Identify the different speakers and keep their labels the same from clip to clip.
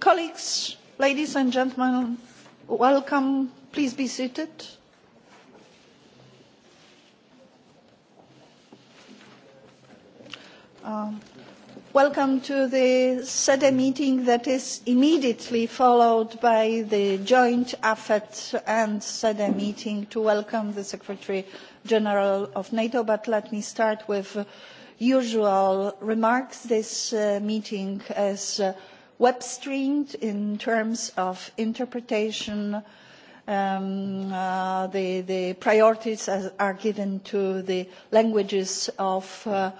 Speaker 1: colleagues ladies and gentlemen welcome please be seated. Um, welcome to the sede meeting that is immediately followed by the joint afet and sede meeting to welcome the secretary general of nato but let me start with usual remarks. this uh, meeting as uh, web streamed in terms of interpretation. Um, uh, the, the priorities as are given to the languages of uh,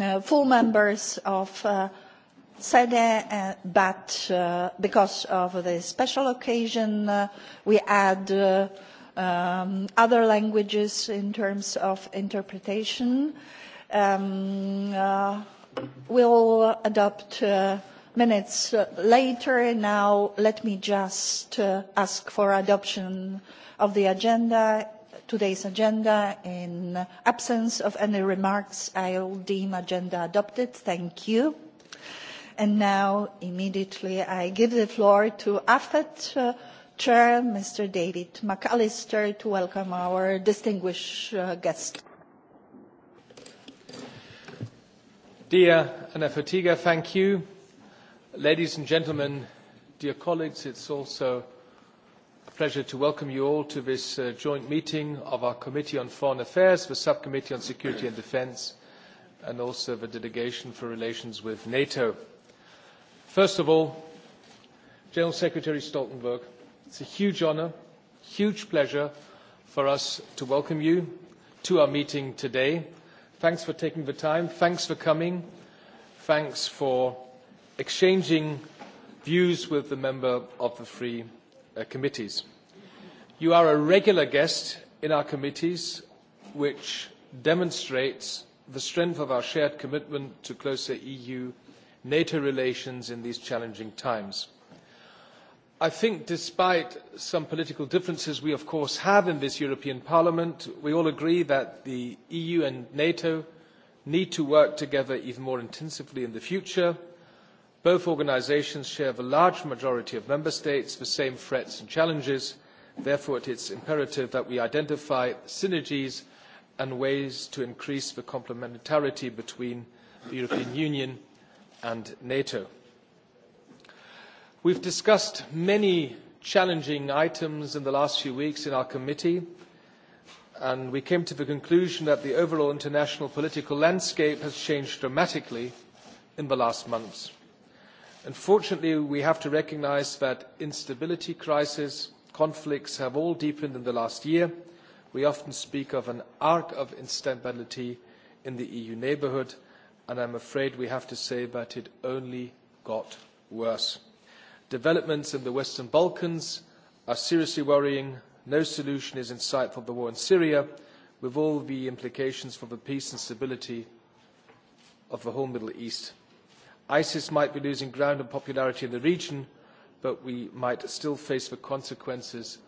Speaker 1: uh full members of uh, SEDE, uh, but because of the special occasion, we add um, other languages in terms of interpretation. Um, we'll adopt minutes later. Now, let me just uh, ask for adoption of the agenda, today's agenda. In absence of any remarks, I will deem agenda adopted. Thank you. And now, immediately, I give the floor to AFET uh, Chair, Mr. David McAllister, to welcome our distinguished uh, guest.
Speaker 2: Dear Anna Fotyga, thank you Ladies and gentlemen, dear colleagues, it's also a pleasure to welcome you all to this uh, joint meeting of our Committee on Foreign Affairs, the Subcommittee on Security and Defence, and also the Delegation for Relations with NATO. First of all, General Secretary Stoltenberg, it's a huge honour, huge pleasure for us to welcome you to our meeting today. Thanks for taking the time. Thanks for coming. Thanks for exchanging views with the member of the three uh, committees. You are a regular guest in our committees, which demonstrates the strength of our shared commitment to closer EU-NATO relations in these challenging times. I think despite some political differences we of course have in this European Parliament, we all agree that the EU and NATO need to work together even more intensively in the future Both organisations share the large majority of member states, the same threats and challenges. Therefore, it is imperative that we identify synergies and ways to increase the complementarity between the European Union and NATO. We have discussed many challenging items in the last few weeks in our committee, and we came to the conclusion that the overall international political landscape has changed dramatically in the last months. Unfortunately, we have to recognise that instability crises, conflicts have all deepened in the last year. We often speak of an arc of instability in the EU neighbourhood, and I am afraid we have to say that it only got worse. Developments in the Western Balkans are seriously worrying. No solution is in sight for the war in Syria, with all the implications for the peace and stability of the whole Middle East. ISIS might be losing ground and popularity in the region, but we might still face the consequences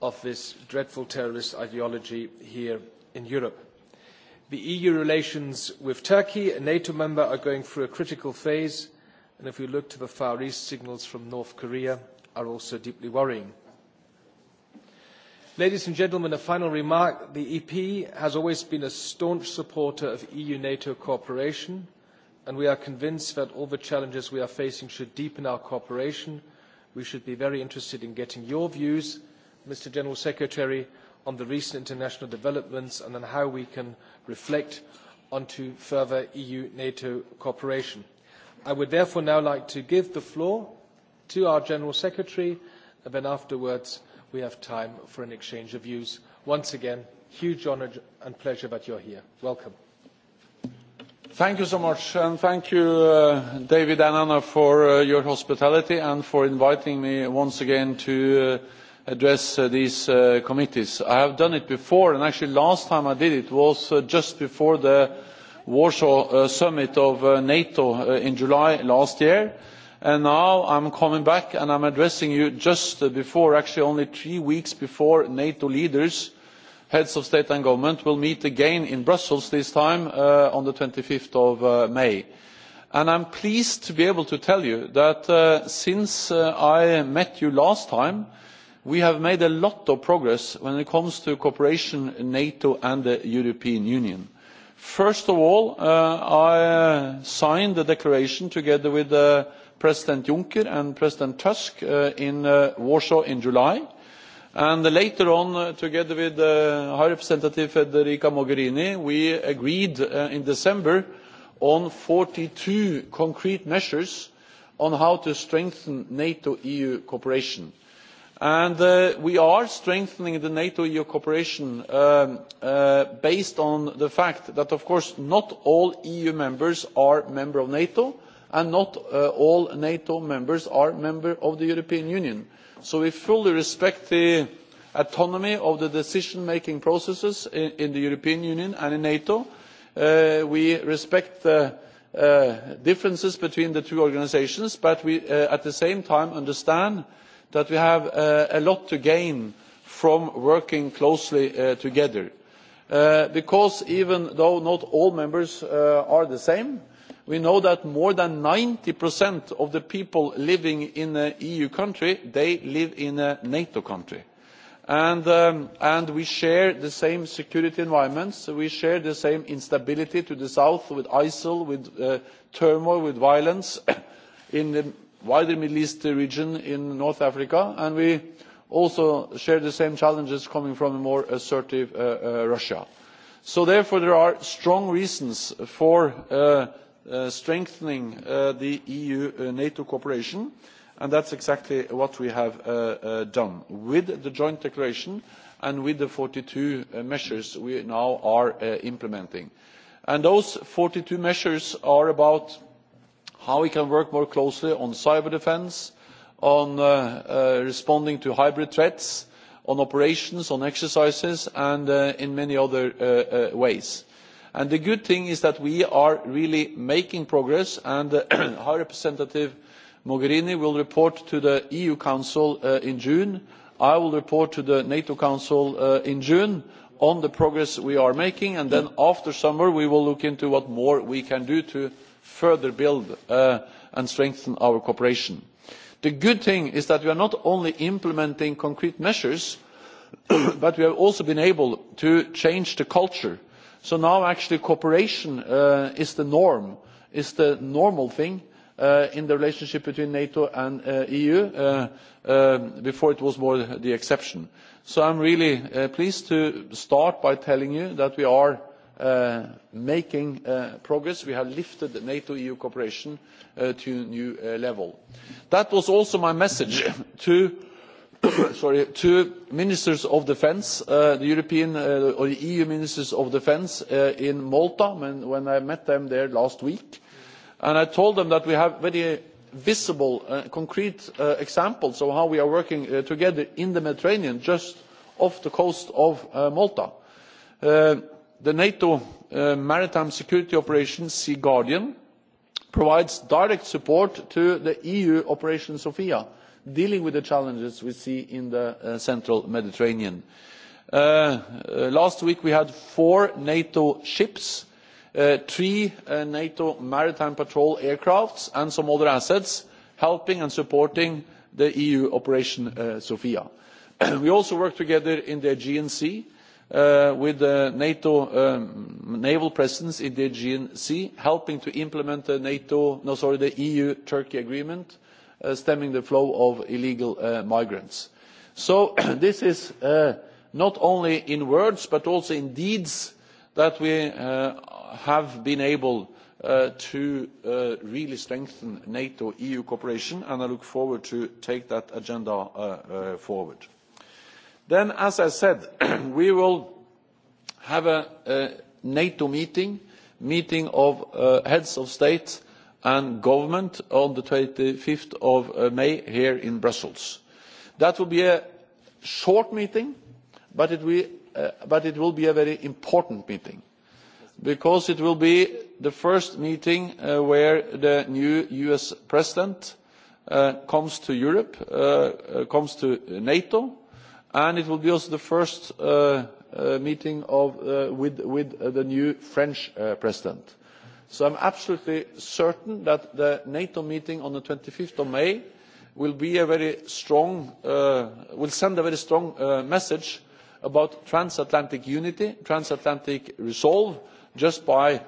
Speaker 2: of this dreadful terrorist ideology here in Europe. The EU relations with Turkey, a NATO member, are going through a critical phase, and if we look to the Far East, signals from North Korea are also deeply worrying. Ladies and gentlemen, a final remark. The EP has always been a staunch supporter of EU-NATO cooperation and we are convinced that all the challenges we are facing should deepen our cooperation. we should be very interested in getting your views mr general secretary on the recent international developments and on how we can reflect on further eu nato cooperation. i would therefore now like to give the floor to our general secretary and then afterwards we have time for an exchange of views. once again huge honour and pleasure that you are here. welcome.
Speaker 3: Thank you so much, and thank you, uh, David and Anna, for uh, your hospitality and for inviting me once again to uh, address uh, these uh, committees. I have done it before, and actually last time I did it was uh, just before the Warsaw summit of NATO in July last year. And now I'm coming back and I'm addressing you just before, actually only three weeks before NATO leaders heads of state and government will meet again in brussels this time uh, on twenty five uh, may and i am pleased to be able to tell you that uh, since i met you last time we have made a lot of progress when it comes to cooperation in nato and the european union. first of all i signed the declaration together with president juncker and president tusk in warsaw in july And later on, uh, together with uh, High Representative Federica Mogherini, we agreed uh, in December on 42 concrete measures on how to strengthen NATO-EU cooperation. And uh, we are strengthening the NATO-EU cooperation um, uh, based on the fact that, of course, not all EU members are member of NATO, and not uh, all NATO members are member of the European Union so we fully respect the autonomy of the decision making processes in, the european union and in nato. Uh, we respect the uh, differences between the two organisations but we uh, at the same time understand that we have a lot to gain from working closely together because even though not all members are the same we know that more than ninety of the people living in an eu country live in a nato country um, and, we share the same security environments we share the same instability to the south with isil with uh, turmoil with violence in the wider middle east region in north africa and we also share the same challenges coming from a more assertive uh, uh, russia. so therefore there are strong reasons for Uh, strengthening uh, the eu uh, nato cooperation and that is exactly what we have done with the joint declaration and with the forty two measures we now are implementing. And those forty two measures are about how we can work more closely on cyber defence on responding to hybrid threats on operations on exercises and in many other ways. And the good thing is that we are really making progress and uh, high representative mogherini will report to the eu council uh, in june i will report to the nato council uh, in june on the progress we are making and then after summer we will look into what more we can do to further build and strengthen our cooperation. the good thing is that we are not only implementing concrete measures but we have also been able to change the culture So now actually cooperation uh, is the norm, is the normal thing uh, in the relationship between NATO and uh, EU. Uh, um, before it was more the exception. So I'm really uh, pleased to start by telling you that we are uh, making uh, progress. We have lifted NATO-EU cooperation uh, to a new uh, level. That was also my message to sorry, two ministers of defence, uh, the European uh, or the EU ministers of defence uh, in Malta when, I met them there last week, and I told them that we have very visible, concrete examples of how we are working together in the Mediterranean, just off the coast of Malta. the NATO maritime security operation Sea Guardian provides direct support to the EU Operation Sophia dealing with the challenges we see in the uh, central mediterranean. Uh, uh, last week we had four nato ships three nato maritime patrol aircraft and some other assets helping and supporting the eu operation sophia. we also work together in the aegean sea with the nato um, naval presence in the aegean sea helping to implement the, no, the eu turkey agreement Uh, stemming the flow of illegal uh, migrants. so this is uh, not only in words but also in deeds that we have been able to really strengthen nato eu cooperation and i look forward to taking that agenda forward. then as i said we will have a, a nato meeting a meeting of heads of state and government on the 25th of uh, May here in Brussels. That will be a short meeting, uh, but it, will, be a very important meeting because it will be the first meeting uh, where the new US president comes to Europe, comes to NATO, and it will be also the first meeting with the new French president so i am absolutely certain that the nato meeting on twenty five may uh, will send a very strong uh, message about transatlantic unity transatlantic resolve just by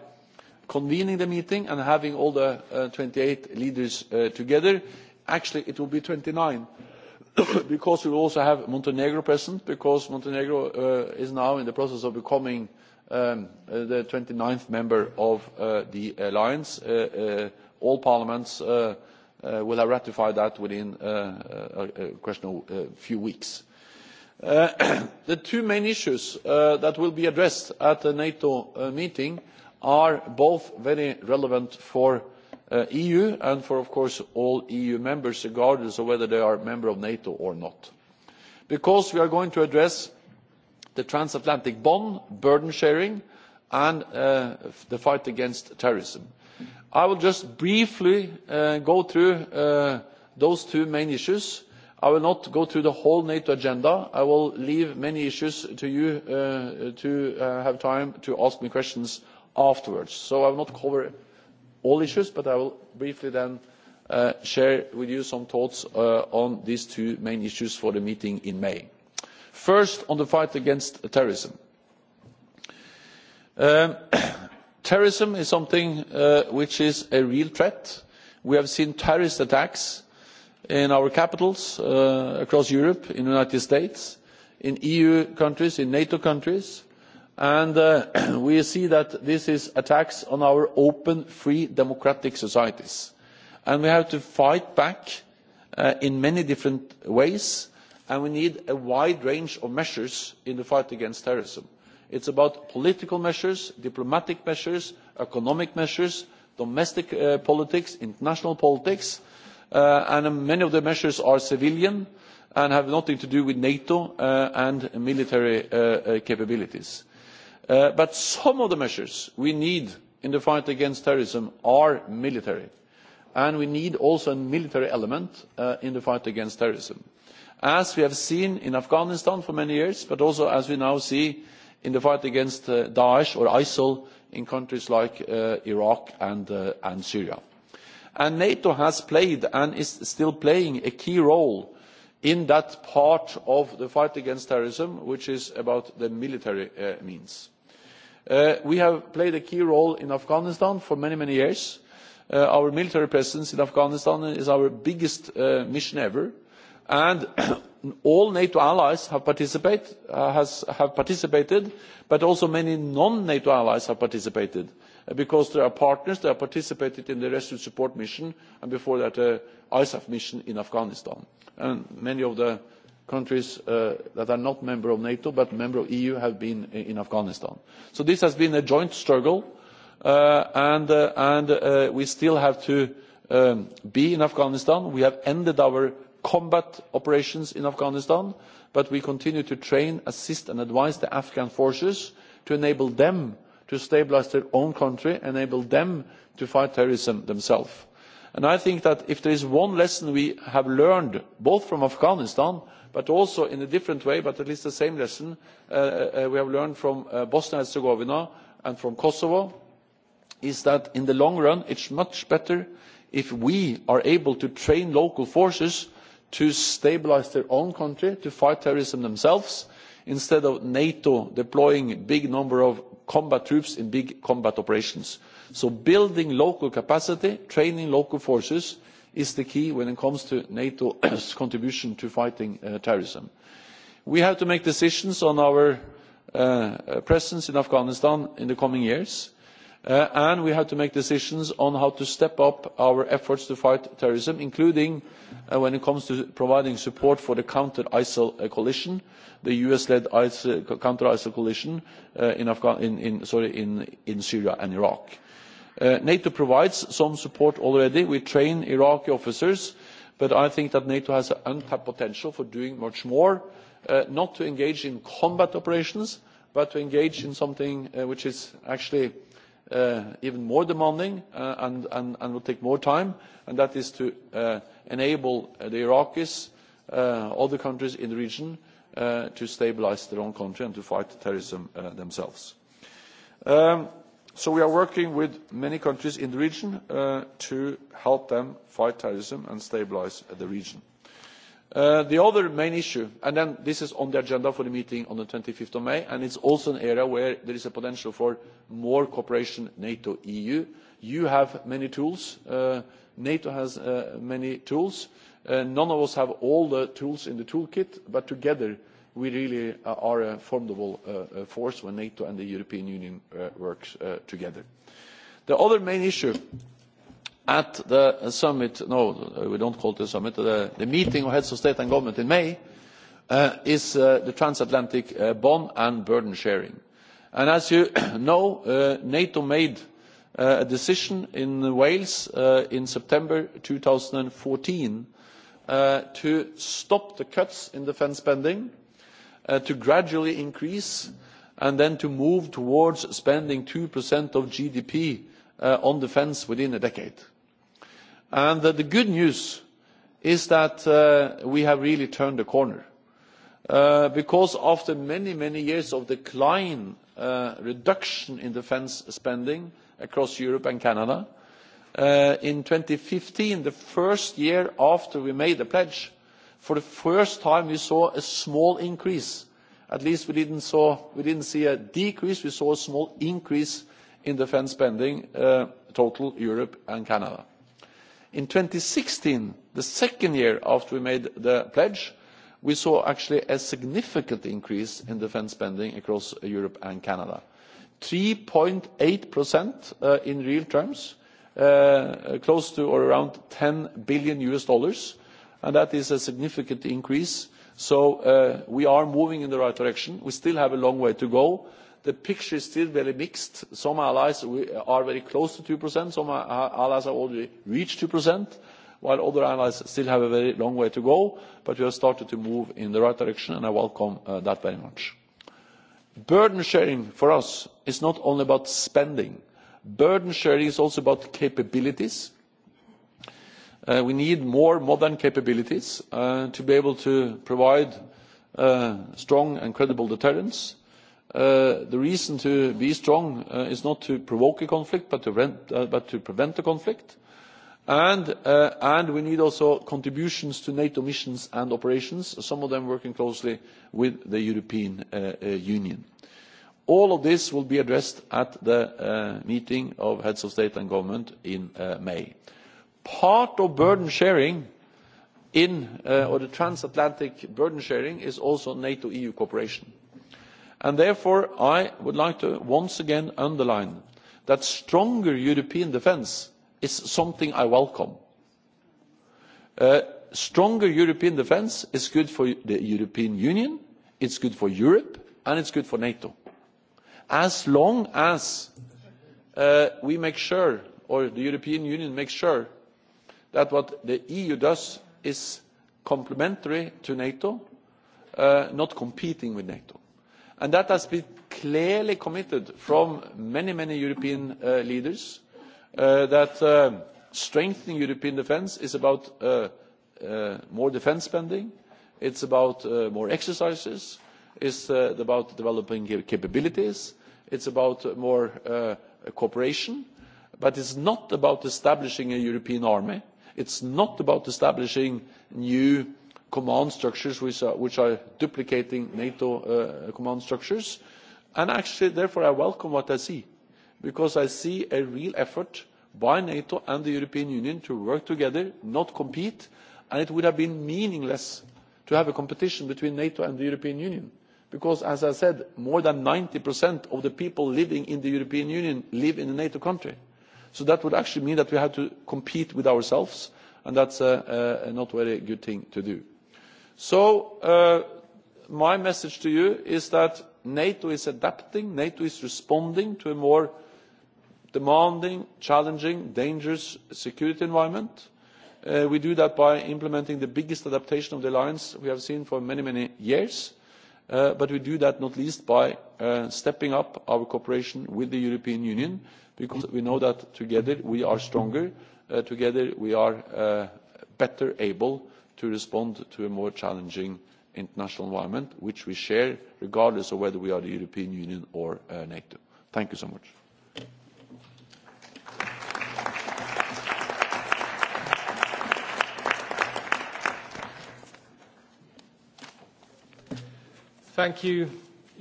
Speaker 3: convening the meeting and having all the uh, twenty eight leaders together. actually it will be twenty nine because we will also have montenegro present because montenegro is now in the process of becoming Um, uh, the twenty ninth member of uh, the alliance. Uh, all parliaments will have ratified that within a question of a few weeks. The two main issues that will be addressed at the NATO meeting are both very relevant for the eu and for of course all eu members regardless of whether they are a member of nato or not because we are going to address the transatlantic bond burden sharing and uh, the fight against terrorism. i will just briefly uh, go through uh, those two main issues. i will not go through the whole nato agenda. i will leave many issues to you to have time to ask me questions afterwards. so i will not cover all issues but i will briefly then share with you some thoughts on these two main issues for the meeting in may first on the fight against terrorism um, terrorism is something uh, which is a real threat. we have seen terrorist attacks in our capitals uh, across europe in the united states in eu countries in nato countries and uh, we see that this is attacks on our open free democratic societies and we have to fight back in many different ways and we need a wide range of measures in the fight against terrorism. it is about political measures diplomatic measures economic measures domestic uh, politics international politics uh, and many of the measures are civilian and have nothing to do with nato uh, and military capabilities. but some of the measures we need in the fight against terrorism are military and we need also a military element in the fight against terrorism as we have seen in afghanistan for many years but also as we now see in the fight against uh, daesh or isil in countries like uh, iraq uh, and, syria. And nato has played and is still playing a key role in that part of the fight against terrorism which is about the military means. we have played a key role in afghanistan for many many years. our military presence in afghanistan is our biggest mission ever and all nato allies uh, have, participated but also many non nato allies have participated uh, because they are partners they have participated in the rescue and support mission and before that the uh, isaf mission in afghanistan. And many of the countries that are not members of nato but members of the eu have been in afghanistan. so this has been a joint struggle and, we still have to um, be in afghanistan. we have ended combat operations in afghanistan but we continue to train assist and advise the afghan forces to enable them to stabilise their own country enable them to fight terrorism themselves. i think that if there is one lesson we have learned both from afghanistan but also in a different way but at least the same lesson uh, uh, we have learned from uh, bosnia and herzegovina and from kosovo is that in the long run it is much better if we are able to train local forces to stabilise their own country to fight terrorism themselves instead of nato deploying a big number of combat troops in big combat operations. so building local capacity training local forces is the key when it comes to nato's contribution to fighting uh, terrorism. we have to make decisions on our uh, presence in afghanistan in the coming years. Uh, and we have to make decisions on how to step up our efforts to fight terrorism including uh, when it comes to providing support for the counter isil uh, coalition the us led counter isil coalition in, in syria and iraq. nato provides some support already we train iraqi officers but i think that nato has an untapped potential for doing much more not to engage in combat operations but to engage in something which is actually Uh, even more demanding uh, and, will take more time, and that is to uh, enable the Iraqis, other countries in the region, to stabilise their own country and to fight terrorism themselves. Um, so we are working with many countries in the region to help them fight terrorism and stabilise the region Uh, the other main issue and then this is on the agenda for the meeting on twenty five may and it is also an area where there is a potential for more cooperation nato eu. you have many tools uh, nato has uh, many tools none of us have all the tools in the toolkit but together we really are a formidable force when nato and the european union work together. the other main issue at the summit, no, we don't call it a summit, the, meeting of heads of state and government in May uh, is uh, the transatlantic uh, bond and burden sharing. And as you know, NATO made a decision in Wales in September 2014 fourteen to stop the cuts in defence spending, to gradually increase, and then to move towards spending 2% of GDP on defence within a decade And the good news is that uh, we have really turned a corner. Uh, because after many, many years of decline, uh, reduction in defense spending across Europe and Canada, in 2015, the first year after we made the pledge, for the first time, we saw a small increase. At least we didn't, we didn't see a decrease, we saw a small increase in defense spending, total Europe and Canada in two thousand and sixteen the second year after we made the pledge we saw actually a significant increase in defence spending across europe and canada three eight uh, in real terms uh, close to or around us ten billion us dollars and that is a significant increase so uh, we are moving in the right direction. we still have a long way to the picture is still very mixed. Some allies are very close to 2%, some allies have already reached 2%, while other allies still have a very long way to go, but we have started to move in the right direction, and I welcome uh, that very much. Burden sharing for us is not only about spending. Burden sharing is also about capabilities. Uh, we need more modern capabilities uh, to be able to provide strong and credible deterrence Uh, the reason to be strong uh, is not to provoke a conflict but to, uh, prevent a conflict and, we need also contributions to nato missions and operations some of them working closely with the european union. all of this will be addressed at the meeting of heads of state and government in may. part of burden sharing in, or the transatlantic burden sharing is also nato eu cooperation and therefore i would like to once again underline that stronger european defence is something i welcome. Uh, stronger european defence is good for the european union it is good for europe and it is good for nato as long as uh, we make sure or the european union makes sure that what the eu does is complementary to nato uh, not competing with and that has been clearly committed from many many european uh, leaders uh, that uh, strengthening european defence is about more defence spending it's about more exercises it's about developing capabilities it's about more cooperation but it's not about establishing a european army it's not about establishing new command structures which are, duplicating nato uh, command structures and actually therefore i welcome what i see because i see a real effort by nato and the european union to work together not compete and it would have been meaningless to have a competition between nato and the european union because as i said more than ninety of the people living in the european union live in a nato country so that would actually mean that we had to compete with ourselves and that's not a very good thing to do so uh, my message to you is that nato is adapting nato is responding to a more demanding challenging dangerous security environment. Uh, we do that by implementing the biggest adaptation of the alliance we have seen for many many years uh, but we do that not least by stepping up our cooperation with the european union because we know that together we are stronger together we are better able to respond to a more challenging international environment which we share regardless of whether we are the european union or uh, nato. thank you so much.
Speaker 2: thank you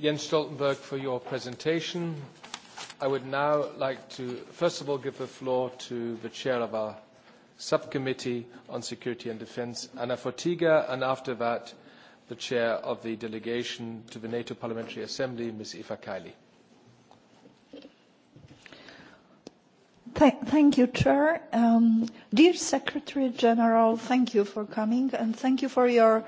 Speaker 2: jens stoltenberg for your presentation. i would now like to first of all give the floor to the chair of our Subcommittee on Security and Defence, Anna Fortiga, and after that, the chair of the delegation to the NATO Parliamentary Assembly, Ms. Eva Kaili.
Speaker 1: thank you, Chair. Um, dear Secretary General, thank you for coming and thank you for your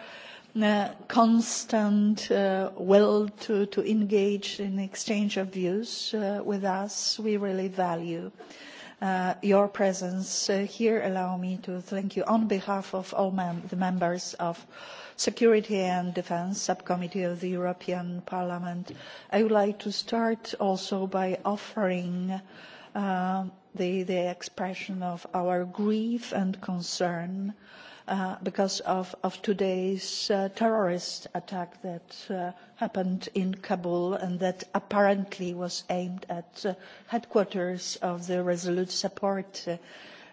Speaker 1: uh, constant uh, will to, to engage in exchange of views uh, with us. We really value. Uh, Uh, your presence uh, here. Allow me to thank you on behalf of all the members of Security and Defence Subcommittee of the European Parliament. I would like to start also by offering uh, the, expression of our grief and concern at Uh, because of, today's uh, terrorist attack that uh, happened in Kabul and that apparently was aimed at the headquarters of the Resolute Support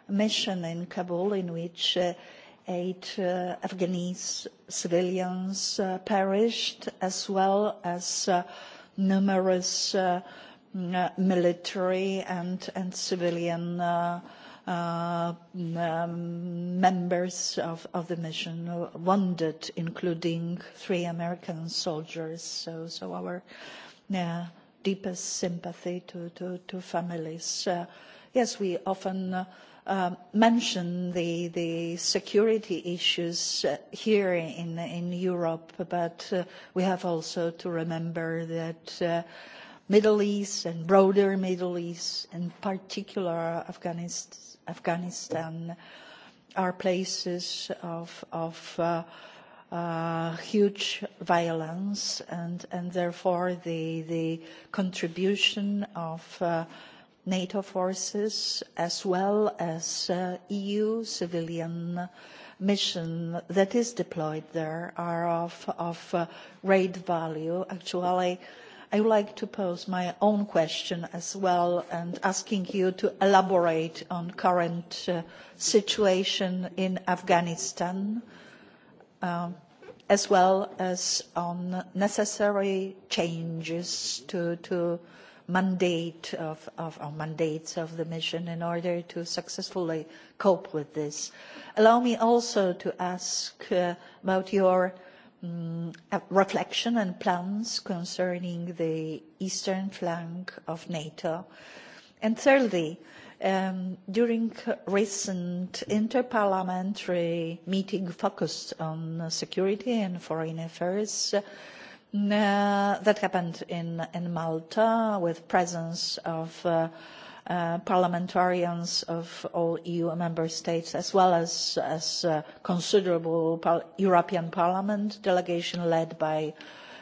Speaker 1: mission in Kabul in which eight uh, Afghanese civilians perished as well as numerous military and, civilian Uh, um, members of, of the mission uh, wounded, including three American soldiers. So, so our uh, deepest sympathy to, to, to families. Uh, yes, we often Uh, um, mention the, the security issues uh, here in, in Europe, but uh, we have also to remember that uh, Middle East and broader Middle East, in particular Afghanistan, are places of, of uh, uh, huge violence, and, and therefore the, the contribution of uh, NATO forces as well as uh, EU civilian mission that is deployed there are of, of uh, great value. Actually, I would like to pose my own question as well and asking you to elaborate on current uh, situation in Afghanistan, uh, as well as on necessary changes to, to mandate of, of mandates of the mission in order to successfully cope with this. Allow me also to ask uh, about your Mm, reflection and plans concerning the eastern flank of NATO. And thirdly, um, during recent interparliamentary meeting focused on security and foreign affairs, uh, that happened in, in Malta with presence of uh, Uh, parliamentarians of all EU member states, as well as, as a uh, considerable par European Parliament delegation led by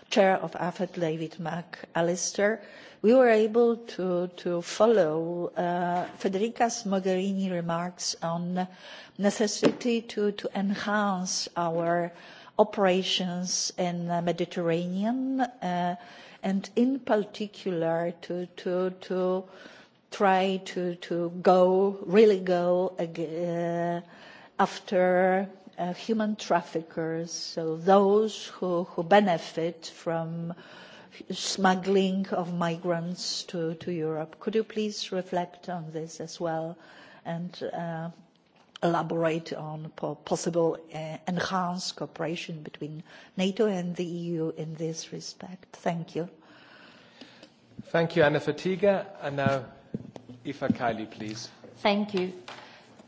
Speaker 1: Chair of AFET, David McAllister, we were able to, to follow uh, Federica Mogherini remarks on necessity to, to enhance our operations in the Mediterranean, uh, and in particular to, to try to, to go, really go uh, after uh, human traffickers, so those who, who benefit from smuggling of migrants to, to Europe. Could you please reflect on this as well and uh, elaborate on po possible uh, enhanced cooperation between NATO and the EU in this respect? Thank you.
Speaker 2: Thank you, Anna Fatiga. And now Eva Kaili, please.
Speaker 4: Thank you.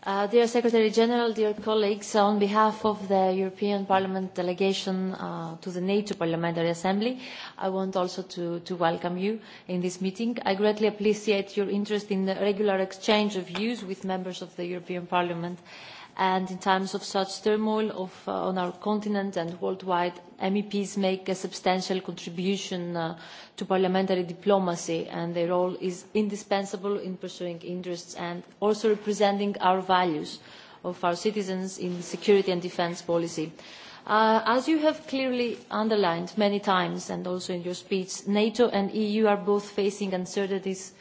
Speaker 4: Uh, dear Secretary General, dear colleagues, on behalf of the European Parliament delegation uh, to the NATO Parliamentary Assembly, I want also to, to welcome you in this meeting. I greatly appreciate your interest in the regular exchange of views with members of the European Parliament uh, And in times of such turmoil of, uh, on our continent and worldwide, MEPs make a substantial contribution uh, to parliamentary diplomacy, and their role is indispensable in pursuing interests and also representing our values of our citizens in security and defence policy. Uh, as you have clearly underlined many times and also in your speech, NATO and EU are both facing uncertainties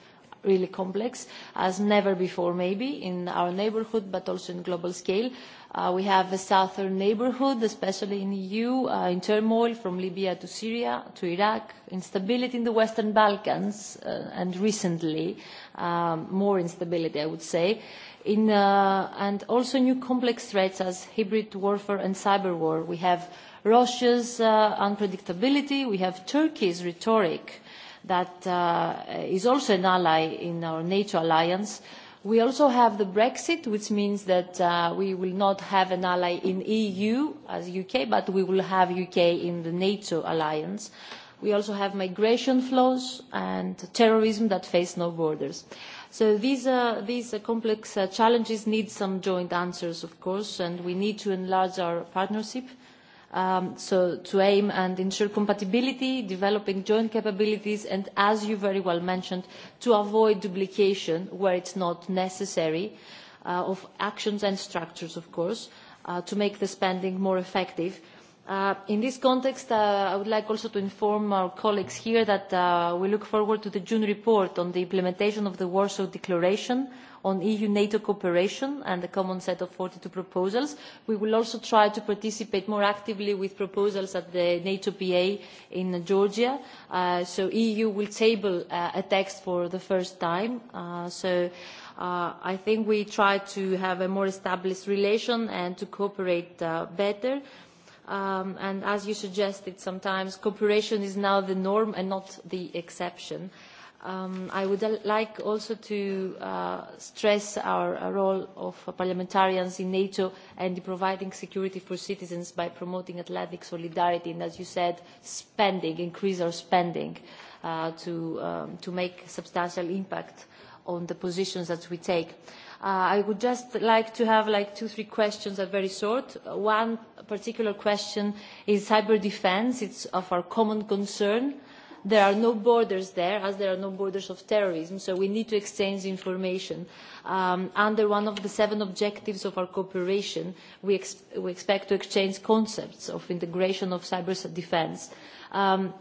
Speaker 4: really complex as never before maybe in our neighbourhood but also in global scale. Uh, we have a southern neighbourhood, especially in the EU, uh, in turmoil from Libya to Syria to Iraq, instability in the Western Balkans, uh, and recently um, more instability, I would say, in, uh, and also new complex threats as hybrid warfare and cyber war. We have Russia's uh, unpredictability, we have Turkey's rhetoric, that uh, is also an ally in our NATO alliance. We also have the Brexit, which means that uh, we will not have an ally in EU as UK, but we will have UK in the NATO alliance. We also have migration flows and terrorism that face no borders. So these, uh, these uh, complex uh, challenges need some joint answers, of course, and we need to enlarge our partnership Um, so to aim and ensure compatibility, developing joint capabilities, and as you very well mentioned, to avoid duplication where it's not necessary uh, of actions and structures, of course, uh, to make the spending more effective. Uh, in this context, uh, I would like also to inform our colleagues here that uh, we look forward to the June report on the implementation of the Warsaw Declaration on EU-NATO cooperation and the common set of forty two proposals. We will also try to participate more actively with proposals at the NATO PA in Georgia. Uh, so the EU will table uh, a text for the first time. Uh, so I think we are trying to have a more established relation and to cooperate better. Um, and as you suggested, sometimes cooperation is now the norm and not the exception. Um, I would like also to uh, stress our, our uh, role of parliamentarians in NATO and in providing security for citizens by promoting Atlantic solidarity and, as you said, spending, increase our spending uh, to, um, to make substantial impact on the positions that we take. Uh, I would just like to have like two, three questions that are very short. One particular question is cyber defense. It's of our common concern There are no borders there, as there are no borders of terrorism, so we need to exchange information. Um, under one of the seven objectives of our cooperation, we, ex we expect to exchange concepts of integration of cyber defense. Um,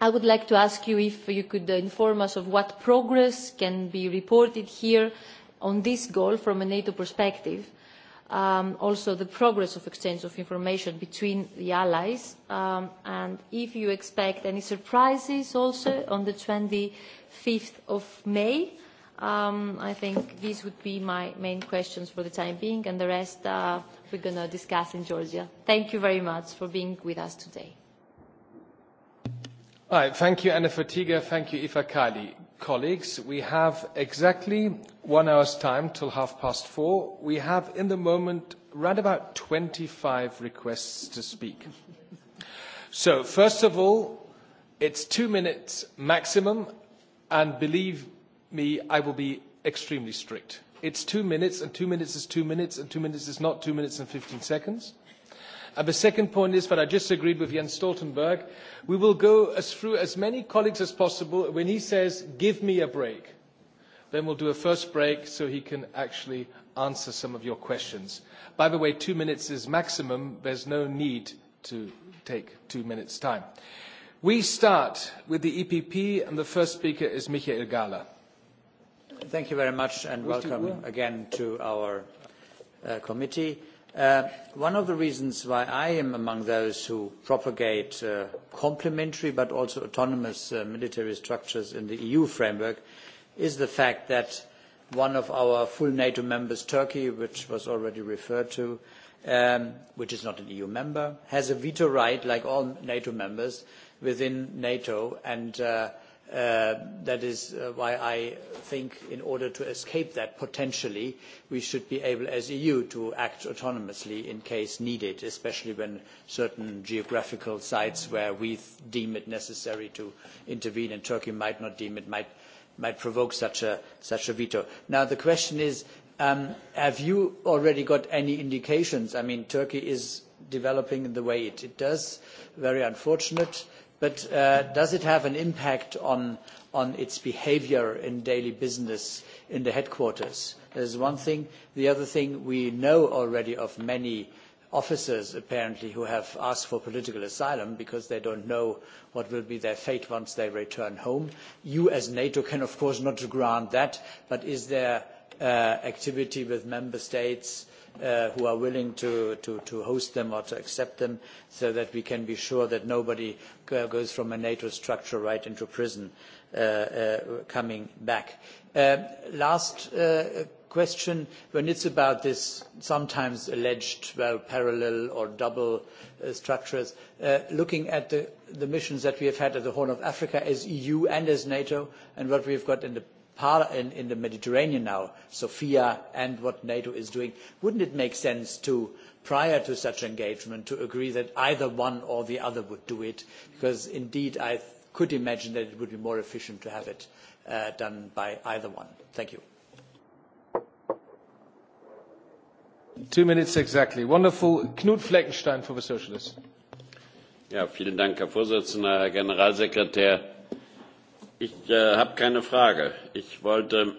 Speaker 4: I would like to ask you if you could inform us of what progress can be reported here on this goal from a NATO perspective, Um, also the progress of exchange of information between the allies, um, and if you expect any surprises also on the 25th of May. Um, I think these would be my main questions for the time being, and the rest uh, we're going to discuss in Georgia. Thank you very much for being with us today.
Speaker 2: All right, thank you, Anna Fatiga. Thank you, Ifa Kali colleagues, we have exactly one hour's time till half past four. We have in the moment round about 25 requests to speak. so first of all, it's two minutes maximum, and believe me, I will be extremely strict. It's two minutes, and two minutes is two minutes, and two minutes is not two minutes and 15 seconds. Uh, the second point is that I just agreed with Jens Stoltenberg. We will go as through as many colleagues as possible. When he says, give me a break, then we'll do a first break so he can actually answer some of your questions. By the way, two minutes is maximum. There's no need to take two minutes' time. We start
Speaker 5: with the EPP, and the first speaker is Michael Gahler. Thank you very much, and welcome again to our uh, committee. Uh, one of the reasons why I am among those who propagate uh, complementary but also autonomous uh, military structures in the EU framework is the fact that one of our full NATO members, Turkey, which was already referred to, um, which is not an EU member, has a veto right, like all NATO members, within NATO. And uh, Uh, that is uh, why I think in order to escape that potentially, we should be able as EU to act autonomously in case needed, especially when certain geographical sites where we deem it necessary to intervene and Turkey might not deem it might, might provoke such a, such a veto. Now the question is, um, have you already got any indications? I mean, Turkey is developing in the way it does, very unfortunate But uh, does it have an impact on, on its behavior in daily business in the headquarters? That is one thing. The other thing, we know already of many officers apparently who have asked for political asylum because they don't know what will be their fate once they return home. You as NATO can of course not grant that, but is there uh, activity with member states Uh, who are willing to, host them or to accept them so that we can be sure that nobody goes from a NATO structure right into prison uh, uh, coming back. last question, when it's about this sometimes alleged, well, parallel or double structures, looking at the, the missions that we have had at the Horn of Africa as EU and as NATO and what we've got in the part in, in the Mediterranean now, Sophia and what NATO is doing, wouldn't it make sense to, prior to such engagement, to agree that either one or the other would do it? Because indeed, I could imagine that it would be more efficient to have it uh, done by either one. Thank you.
Speaker 2: Two minutes exactly. Wonderful. Knut Fleckenstein for the Socialists.
Speaker 6: Ja, vielen Dank, Herr Vorsitzender, Herr Generalsekretär Ich äh, habe keine Frage. Ich wollte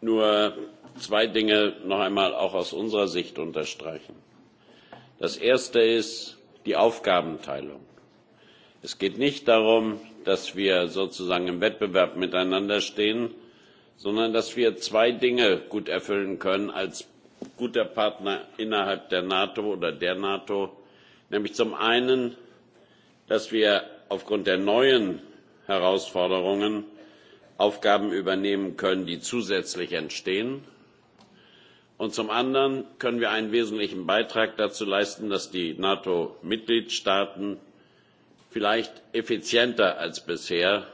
Speaker 6: nur zwei Dinge noch einmal auch aus unserer Sicht unterstreichen. Das erste ist die Aufgabenteilung. Es geht nicht darum, dass wir sozusagen im Wettbewerb miteinander stehen, sondern dass wir zwei Dinge gut erfüllen können als guter Partner innerhalb der NATO oder der NATO, nämlich zum einen, dass wir aufgrund der neuen herausforderungen aufgaben übernehmen können die zusätzlich entstehen und zum anderen können wir einen wesentlichen beitrag dazu leisten dass die nato mitgliedstaaten vielleicht effizienter als bisher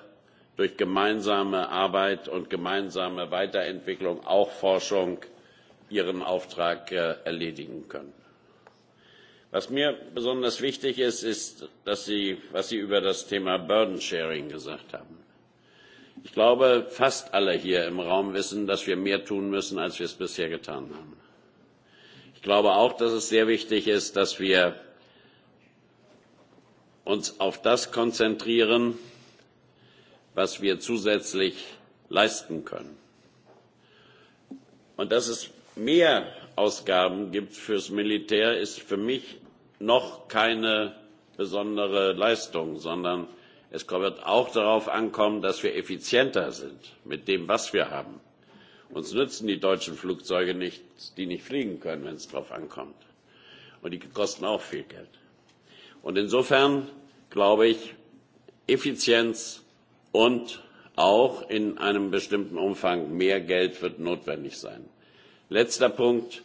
Speaker 6: durch gemeinsame arbeit und gemeinsame weiterentwicklung auch forschung ihren auftrag äh, erledigen können. Was mir besonders wichtig ist, ist, dass Sie, was Sie über das Thema Burden Sharing gesagt haben. Ich glaube, fast alle hier im Raum wissen, dass wir mehr tun müssen, als wir es bisher getan haben. Ich glaube auch, dass es sehr wichtig ist, dass wir uns auf das konzentrieren, was wir zusätzlich leisten können. Und dass es mehr Ausgaben gibt fürs Militär, ist für mich noch keine besondere Leistung, sondern es wird auch darauf ankommen, dass wir effizienter sind mit dem, was wir haben. Uns nützen die deutschen Flugzeuge nicht, die nicht fliegen können, wenn es darauf ankommt. Und die kosten auch viel Geld. Und insofern glaube ich, Effizienz und auch in einem bestimmten Umfang mehr Geld wird notwendig sein. Letzter Punkt.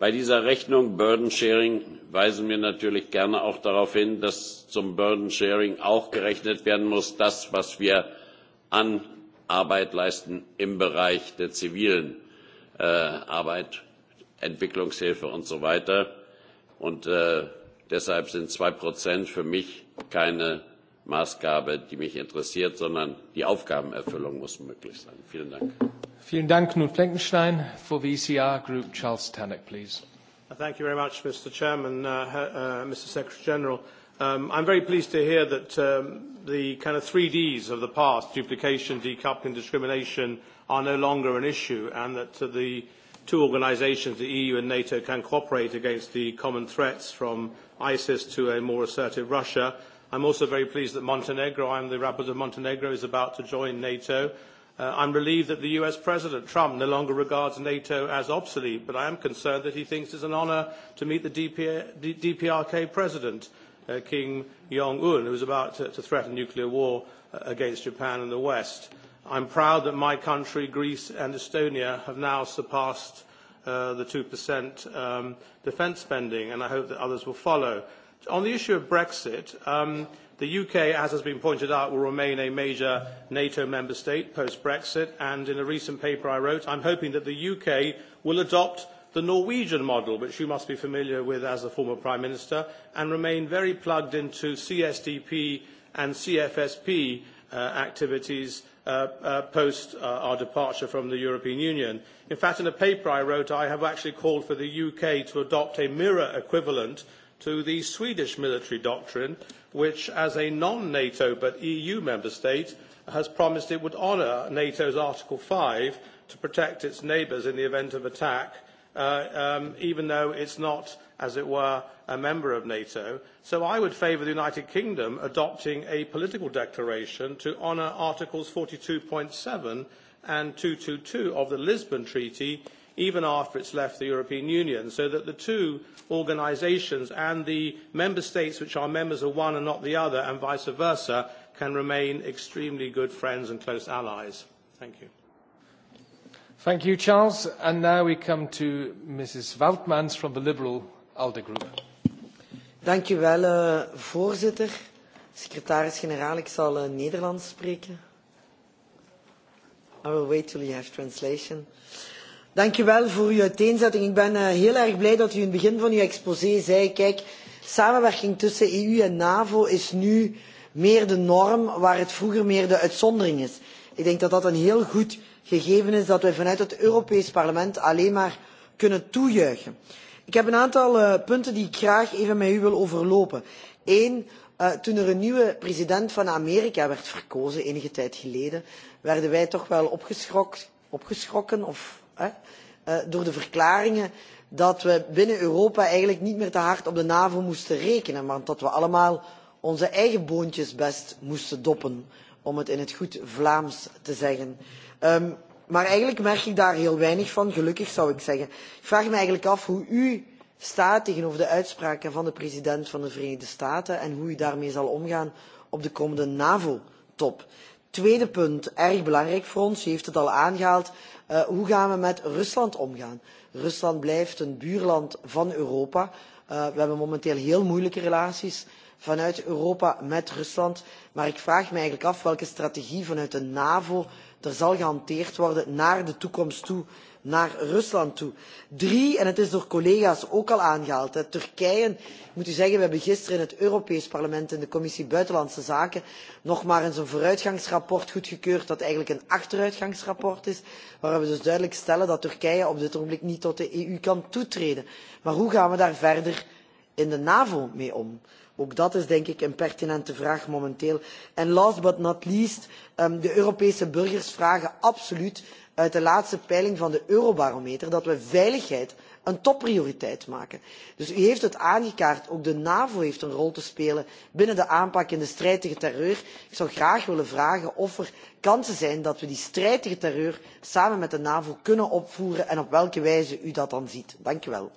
Speaker 6: Bei dieser Rechnung Burden Sharing weisen wir natürlich gerne auch darauf hin, dass zum Burden Sharing auch gerechnet werden muss, das, was wir an Arbeit leisten im Bereich der zivilen äh, Arbeit, Entwicklungshilfe und so weiter. Und äh, deshalb sind zwei Prozent für mich keine Maßgabe, die mich interessiert, sondern die Aufgabenerfüllung muss möglich sein. Vielen Dank.
Speaker 2: Vielen Dank, Knut Fleckenstein. For the ECR Group, Charles Tannock, please.
Speaker 7: Thank you very much, Mr. Chairman, uh, uh, Mr. Secretary General. Um, I'm very pleased to hear that um, the kind of three ds of the past, duplication, decoupling, discrimination, are no longer an issue, and that uh, the two organizations, the EU and NATO, can cooperate against the common threats from ISIS to a more assertive Russia. I'm also very pleased that Montenegro, I'm the rapporteur of Montenegro, is about to join NATO Uh, I'm relieved that the US President Trump no longer regards NATO as obsolete, but I am concerned that he thinks it's an honour to meet the DPA, D, DPRK President, uh, Kim Jong-un, who is about to, to threaten nuclear war uh, against Japan and the West. I'm proud that my country, Greece and Estonia, have now surpassed uh, the 2% um, defence spending, and I hope that others will follow. On the issue of Brexit, um, The UK, as has been pointed out, will remain a major NATO member state post-Brexit, and in a recent paper I wrote, I'm hoping that the UK will adopt the Norwegian model, which you must be familiar with as a former Prime Minister, and remain very plugged into CSDP and CFSP uh, activities uh, uh, post uh, our departure from the European Union. In fact, in a paper I wrote, I have actually called for the UK to adopt a mirror equivalent to the Swedish military doctrine, which, as a non-NATO but EU member state, has promised it would honour NATO's Article 5 to protect its neighbours in the event of attack, uh, um, even though it's not, as it were, a member of NATO. So I would favour the United Kingdom adopting a political declaration to honour Articles 42.7 and 222 of the Lisbon Treaty, even after it's left the European Union, so that the two organisations and the member states which are members of one and not the other, and vice versa, can remain extremely good friends and close allies. Thank you.
Speaker 2: Thank you, Charles. And now we come to Mrs. Woutmans from the Liberal ALDE Group.
Speaker 8: Thank you wel, uh, voorzitter. Secretaris-generaal, ik zal uh, Nederlands spreken. I will wait till you have translation. Uh, Dank u wel voor uw uiteenzetting. Ik ben eh, heel erg blij dat u in het begin van uw exposé zei, kijk, samenwerking tussen EU en NAVO is nu meer de norm waar het vroeger meer de uitzondering is. Ik denk dat dat een heel goed gegeven is dat wij vanuit het Europees Parlement alleen maar kunnen toejuichen. Ik heb een aantal eh, punten die ik graag even met u wil overlopen. Eén, Uh, toen er een nieuwe president van Amerika werd verkozen enige tijd geleden, werden wij toch wel opgeschrokken, opgeschrokken of Eh, door de verklaringen dat we binnen Europa eigenlijk niet meer te hard op de NAVO moesten rekenen, maar dat we allemaal onze eigen boontjes best moesten doppen, om het in het goed Vlaams te zeggen. Ehm, maar eigenlijk merk ik daar heel weinig van, gelukkig zou ik zeggen. Ik vraag me eigenlijk af hoe u staat tegenover de uitspraken van de president van de Verenigde Staten en hoe u daarmee zal omgaan op de komende NAVO-top. Tweede punt, erg belangrijk voor ons, u heeft het al aangehaald, Eh, hoe gaan we met Rusland omgaan? Rusland blijft een buurland van Europa. Eh, we hebben momenteel heel moeilijke relaties vanuit Europa met Rusland. Maar ik vraag me eigenlijk af welke strategie vanuit de NAVO er zal gehanteerd worden naar de toekomst toe, naar Rusland toe. Drie, en het is door collega's ook al aangehaald, hè, Turkije, ik moet u zeggen, we hebben gisteren in het Europees Parlement in de Commissie Buitenlandse Zaken nog maar eens een vooruitgangsrapport goedgekeurd dat eigenlijk een achteruitgangsrapport is, waar we dus duidelijk stellen dat Turkije op dit ogenblik niet tot de EU kan toetreden. Maar hoe gaan we daar verder in de NAVO mee om? Ook dat is denk ik een pertinente vraag momenteel. En last but not least, ehm, de Europese burgers vragen absoluut uit de laatste peiling van de Eurobarometer dat we veiligheid een topprioriteit maken. Dus u heeft het aangekaart, ook de NAVO heeft een rol te spelen binnen de aanpak in de strijd tegen terreur. Ik zou graag willen vragen of er kansen zijn dat we die strijd tegen terreur samen met de NAVO kunnen opvoeren en op welke wijze u dat dan ziet. Dank u wel.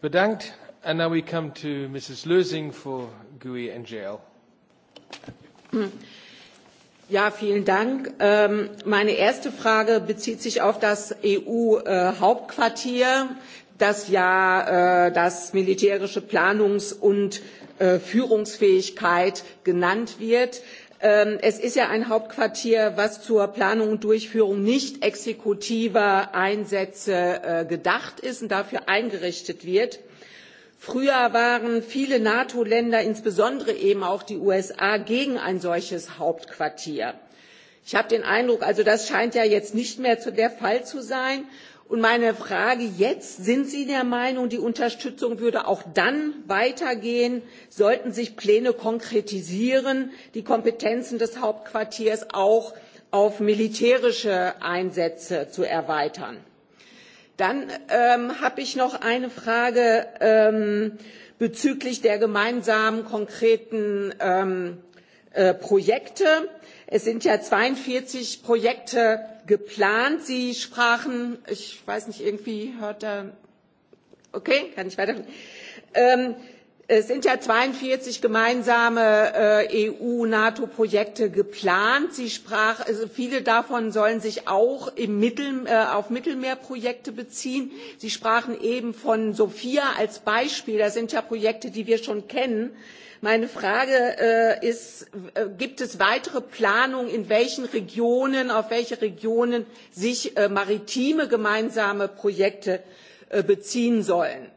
Speaker 2: Bedankt. And now we come to Mrs. Lösing for GUI and NGL.
Speaker 9: Ja, vielen Dank. Ähm, meine erste Frage bezieht sich auf das EU-Hauptquartier, das ja äh, das militärische Planungs- und äh, Führungsfähigkeit genannt wird. Ähm, es ist ja ein Hauptquartier, was zur Planung und Durchführung nicht exekutiver Einsätze äh, gedacht ist und dafür eingerichtet wird früher waren viele nato länder insbesondere eben auch die usa gegen ein solches hauptquartier. ich habe den eindruck also das scheint ja jetzt nicht mehr der fall zu sein. und meine frage jetzt sind sie der meinung die unterstützung würde auch dann weitergehen sollten sich pläne konkretisieren die kompetenzen des hauptquartiers auch auf militärische einsätze zu erweitern? Dann ähm, habe ich noch eine Frage ähm, bezüglich der gemeinsamen konkreten ähm, äh, Projekte. Es sind ja 42 Projekte geplant. Sie sprachen, ich weiß nicht, irgendwie hört er, okay, kann ich weiter. Ähm, Äh, es sind ja 42 gemeinsame äh, EU-NATO-Projekte geplant. Sie sprach, also viele davon sollen sich auch im Mittel, äh, auf Mittelmeerprojekte beziehen. Sie sprachen eben von Sophia als Beispiel. Das sind ja Projekte, die wir schon kennen. Meine Frage ist, gibt es weitere Planungen, in welchen Regionen, auf welche Regionen sich maritime gemeinsame Projekte beziehen sollen?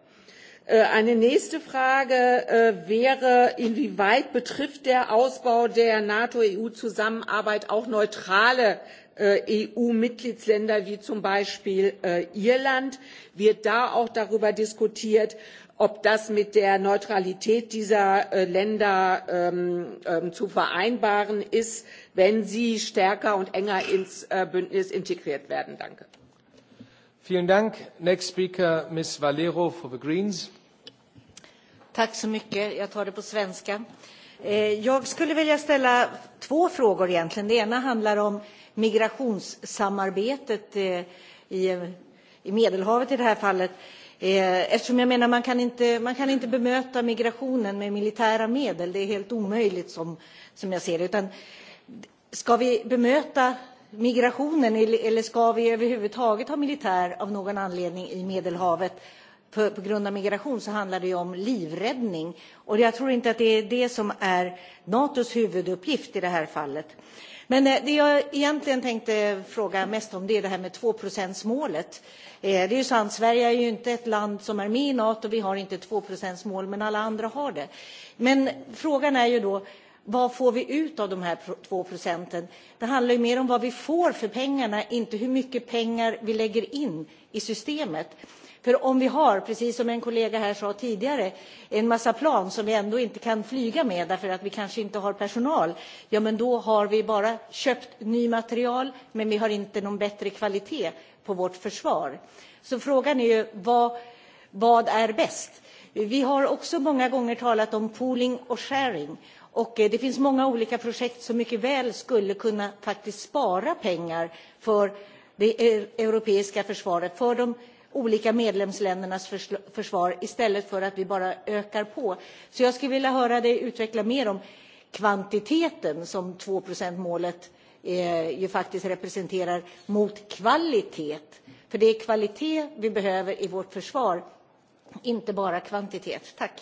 Speaker 9: Äh, eine nächste Frage äh, wäre, inwieweit betrifft der Ausbau der NATO-EU-Zusammenarbeit auch neutrale äh, EU-Mitgliedsländer wie zum Beispiel Irland? Wird da auch darüber diskutiert, ob das mit der Neutralität dieser Länder ähm, ähm, zu vereinbaren ist, wenn sie stärker und enger ins Bündnis integriert werden? Danke.
Speaker 2: Vielen Dank. Next speaker, Ms. Valero for the Greens.
Speaker 10: Tack så mycket. Jag tar det på svenska. Eh, jag skulle vilja ställa två frågor egentligen. Det ena handlar om migrationssamarbetet eh, i Medelhavet i det här fallet. Eh, eftersom jag menar man kan inte, man kan inte bemöta migrationen med militära medel. Det är helt omöjligt som, som jag ser det. Utan ska vi bemöta migrationen eller ska vi överhuvudtaget ha militär av någon anledning i Medelhavet för, på grund av migration så handlar det ju om livräddning. Och jag tror inte att det är det som är Natos huvuduppgift i det här fallet. Men eh, det jag egentligen tänkte fråga mest om det är det här med 2-procentsmålet. Eh, det är ju sant, Sverige är ju inte ett land som är med i Nato, vi har inte 2-procentsmål, men alla andra har det. Men frågan är ju då, vad får vi ut av de här två procenten? Det handlar ju mer om vad vi får för pengarna, inte hur mycket pengar vi lägger in i systemet. För om vi har, precis som en kollega här sa tidigare, en massa plan som vi ändå inte kan flyga med därför att vi kanske inte har personal, ja men då har vi bara köpt ny material men vi har inte någon bättre kvalitet på vårt försvar. Så frågan är ju vad, vad är bäst? Vi har också många gånger talat om pooling och sharing. Och eh, det finns många olika projekt som mycket väl skulle kunna faktiskt spara pengar för det eh, europeiska försvaret, för de olika medlemsländernas försvar istället för att vi bara ökar på. Så jag skulle vilja höra dig utveckla mer om kvantiteten som 2 målet eh, ju faktiskt representerar mot kvalitet. För det är kvalitet vi behöver i vårt försvar, inte bara kvantitet. Tack!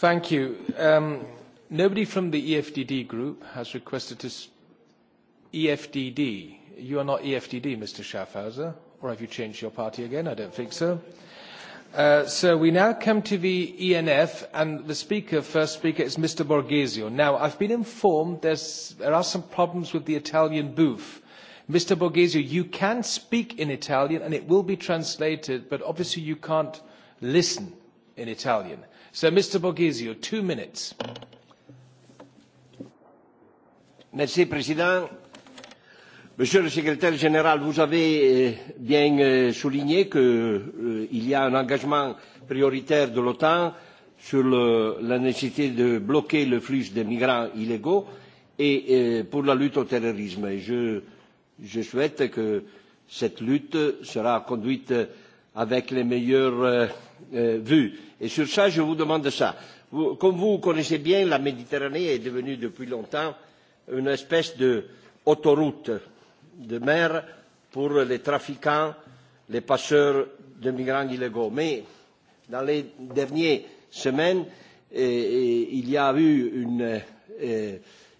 Speaker 2: Thank you. Um, nobody from the EFDD group has requested to... S EFDD. You are not EFDD, Mr. Schaffhauser, or have you changed your party again? I don't think so. Uh, so we now come to the ENF, and the speaker, first speaker, is Mr. Borghesio. Now, I've been informed there's, there are some problems with the Italian booth. Mr. Borghesio, you can speak in Italian, and it will be translated, but obviously you can't listen in Italian. Mr. Borghezio, two
Speaker 11: minutes. Monsieur le Président, Monsieur le Secrétaire général, vous avez euh, bien euh, souligné qu'il euh, y a un engagement prioritaire de l'OTAN sur la nécessité de bloquer le flux des migrants illégaux et pour la lutte au terrorisme. Je, je souhaite que cette lutte soit conduite avec les meilleures euh, euh, vues. Et sur ça, je vous demande ça. Vous, comme vous connaissez bien, la Méditerranée est devenue depuis longtemps une espèce d'autoroute de, mer pour les trafiquants, les passeurs de migrants illégaux. Mais dans les dernières semaines, et, eh, et, eh, il y a eu une euh,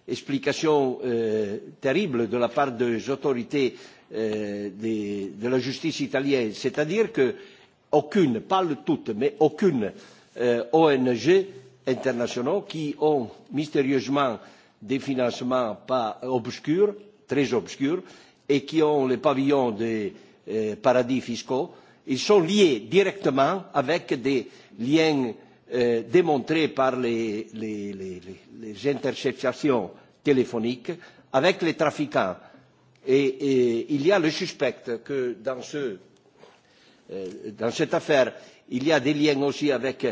Speaker 11: explication euh, terrible de la part des autorités euh, des, de la justice italienne. C'est-à-dire qu'aucune, pas le toute, mais aucune euh, ONG internationale qui ont mystérieusement des financements pas obscurs, très obscurs, et qui ont le pavillon des euh, paradis fiscaux, ils sont liés directement avec des liens euh, démontrés par les, les, les, les interceptations téléphoniques avec les trafiquants et, et il y a le suspect que dans, ce, euh, dans cette affaire, il y a des liens aussi avec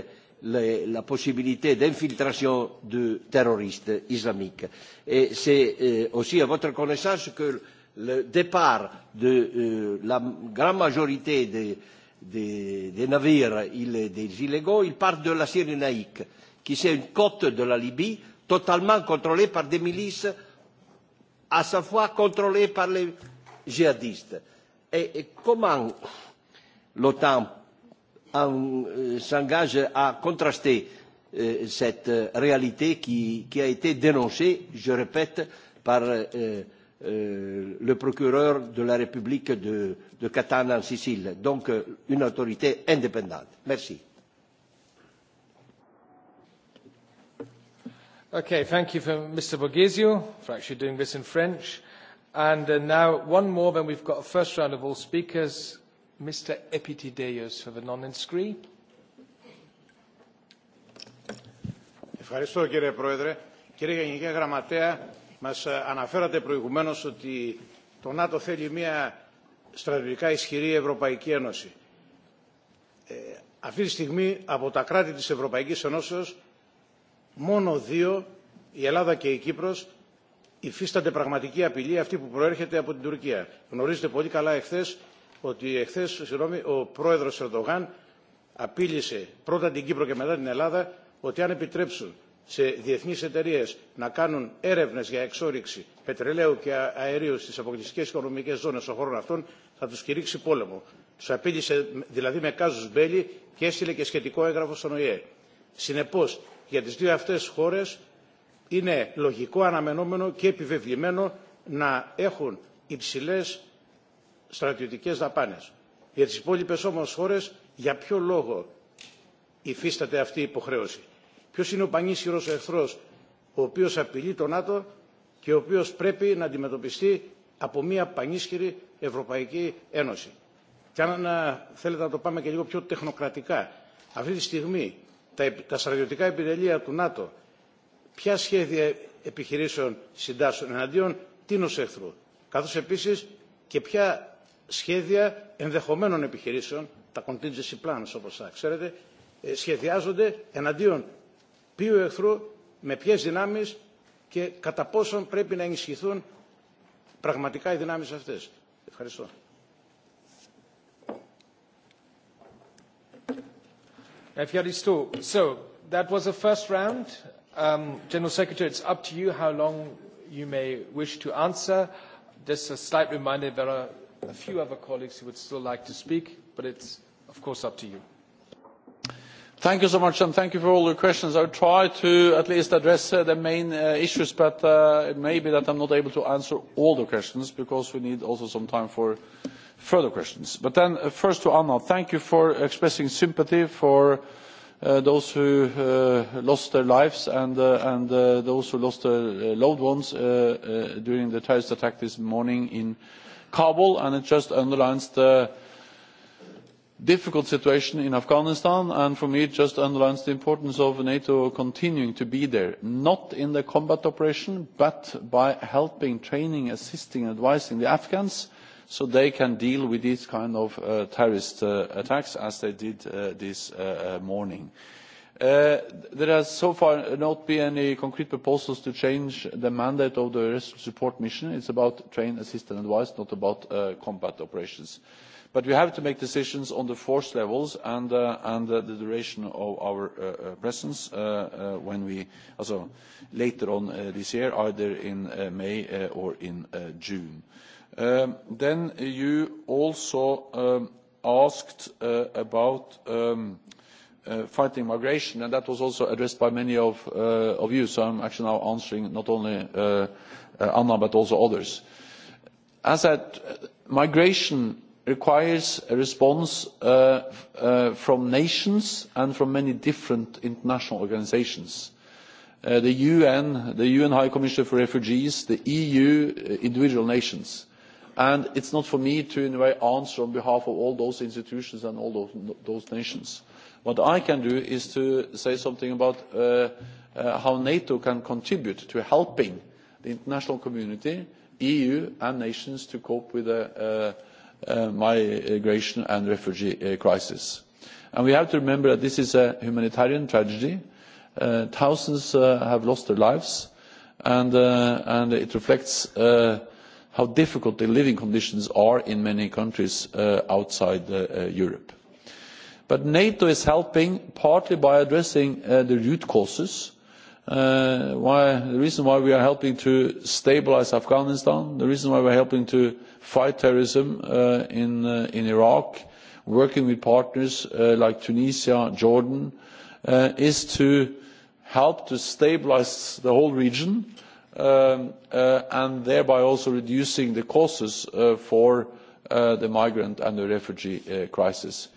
Speaker 11: les, la possibilité d'infiltration de terroristes islamiques. Et c'est euh, aussi à votre connaissance que le départ de euh, la grande majorité des, des, des navires il, des illégaux, il part de la Syrie naïque, qui c'est une côte de la Libye totalement contrôlée par des milices à sa fois contrôlée par les djihadistes. Et, et comment l'OTAN euh, s'engage à contraster euh, cette réalité qui, qui a été dénoncée, je répète, par euh, euh, le procureur de la République de, de Catane en Sicile, donc euh, une autorité indépendante. Merci.
Speaker 2: Okay, thank you for Mr. Borghesio for actually doing this in French. And uh, now one more, then we've got a first round of all speakers. Mr. Epitideos
Speaker 12: for the non-inscree. Ευχαριστώ κύριε Πρόεδρε. Κύριε Γενική Γραμματέα, μας αναφέρατε προηγουμένως ότι το ΝΑΤΟ θέλει μια στρατηγικά ισχυρή Ευρωπαϊκή Ένωση. Ε, αυτή τη στιγμή από τα κράτη της Ευρωπαϊκής Ενώσεως μόνο δύο, η Ελλάδα και η Κύπρος, υφίστανται πραγματική απειλή αυτή που προέρχεται από την Τουρκία. Γνωρίζετε πολύ καλά εχθές ότι εχθές συγγνώμη, ο πρόεδρος Ερντογάν απείλησε πρώτα την Κύπρο και μετά την Ελλάδα ότι αν επιτρέψουν σε διεθνείς εταιρείες να κάνουν έρευνες για εξόριξη πετρελαίου και αερίου στις αποκλειστικές οικονομικές ζώνες των χωρών αυτών θα τους κηρύξει πόλεμο. Τους απείλησε δηλαδή με κάζους μπέλη και έστειλε και σχετικό έγγραφο στον ΟΗΕ. Συνεπώς για τις δύο αυτές χώρες είναι λογικό, αναμενόμενο και επιβεβλημένο να έχουν υψηλές στρατιωτικές δαπάνες. Για τις υπόλοιπες όμως χώρες, για ποιο λόγο υφίσταται αυτή η υποχρέωση. Ποιος είναι ο πανίσχυρος εχθρός, ο οποίος απειλεί τον ΝΑΤΟ και ο οποίος πρέπει να αντιμετωπιστεί από μια πανίσχυρη Ευρωπαϊκή Ένωση. Και αν θέλετε να το πάμε και λίγο πιο τεχνοκρατικά, αυτή τη στιγμή τα, στρατιωτικά επιτελεία του ΝΑΤΟ ποια σχέδια επιχειρήσεων συντάσσουν εναντίον τίνος εχθρού, καθώς επίσης και ποια σχέδια ενδεχομένων επιχειρήσεων, τα contingency plans όπως θα ξέρετε, σχεδιάζονται εναντίον ποιου εχθρού, με ποιες δυνάμεις και κατά πόσον πρέπει να ενισχυθούν πραγματικά οι δυνάμεις αυτές. Ευχαριστώ. Evgaristo, so that was the first round.
Speaker 2: Um, General Secretary, it's up to you how long you may wish to answer. Just a slight reminder, there are a few other colleagues who would still like to speak, but it's of course up to you.
Speaker 3: Thank you so much, and thank you for all your questions. I'll try to at least address uh, the main uh, issues, but uh, it may be that I'm not able to answer all the questions because we need also some time for further questions. But then, uh, first to Anna, thank you for expressing sympathy for uh, uh, those who lost their lives and, those who lost their loved ones during the terrorist attack this morning in Kabul, and it just underlines the difficult situation in Afghanistan, and for me it just underlines the importance of NATO continuing to be there, not in the combat operation, but by helping, training, assisting, advising the Afghans so they can deal with these kind of uh, terrorist uh, attacks as they did uh, this uh, uh morning. Uh, there has so far not been any concrete proposals to change the mandate of the rescue support mission. It's about train, assist and advice, not about uh, combat operations. But we have to make decisions on the force levels and, uh, and uh, the duration of our uh, presence when we, also later on this year, either in May or in June. Um, then you also um, asked uh, about um, uh, fighting migration, and that was also addressed by many of, uh, of you, so I'm actually now answering not only Anna, but also others. As I said, migration requires a response from nations and from many different international organizations. The UN, the UN High Commissioner for Refugees, the EU, individual nations and it is not for me to in a way answer on behalf of all those institutions and all those, nations. what i can do is to say something about uh, uh, how nato can contribute to helping the international community eu and nations to cope with the uh, uh, uh, migration and refugee uh, crisis. And we have to remember that this is a humanitarian tragedy. thousands have lost their lives and, and it reflects how difficult the living conditions are in many countries uh, outside uh, uh, Europe. But NATO is helping partly by addressing the root causes. Why, the reason why we are helping to stabilize Afghanistan, the reason why we are helping to fight terrorism in, in Iraq, working with partners like Tunisia, Jordan, is to help to stabilize the whole region Um, uh, and thereby also reducing the causes uh, for uh, the migrant and the refugee crisis.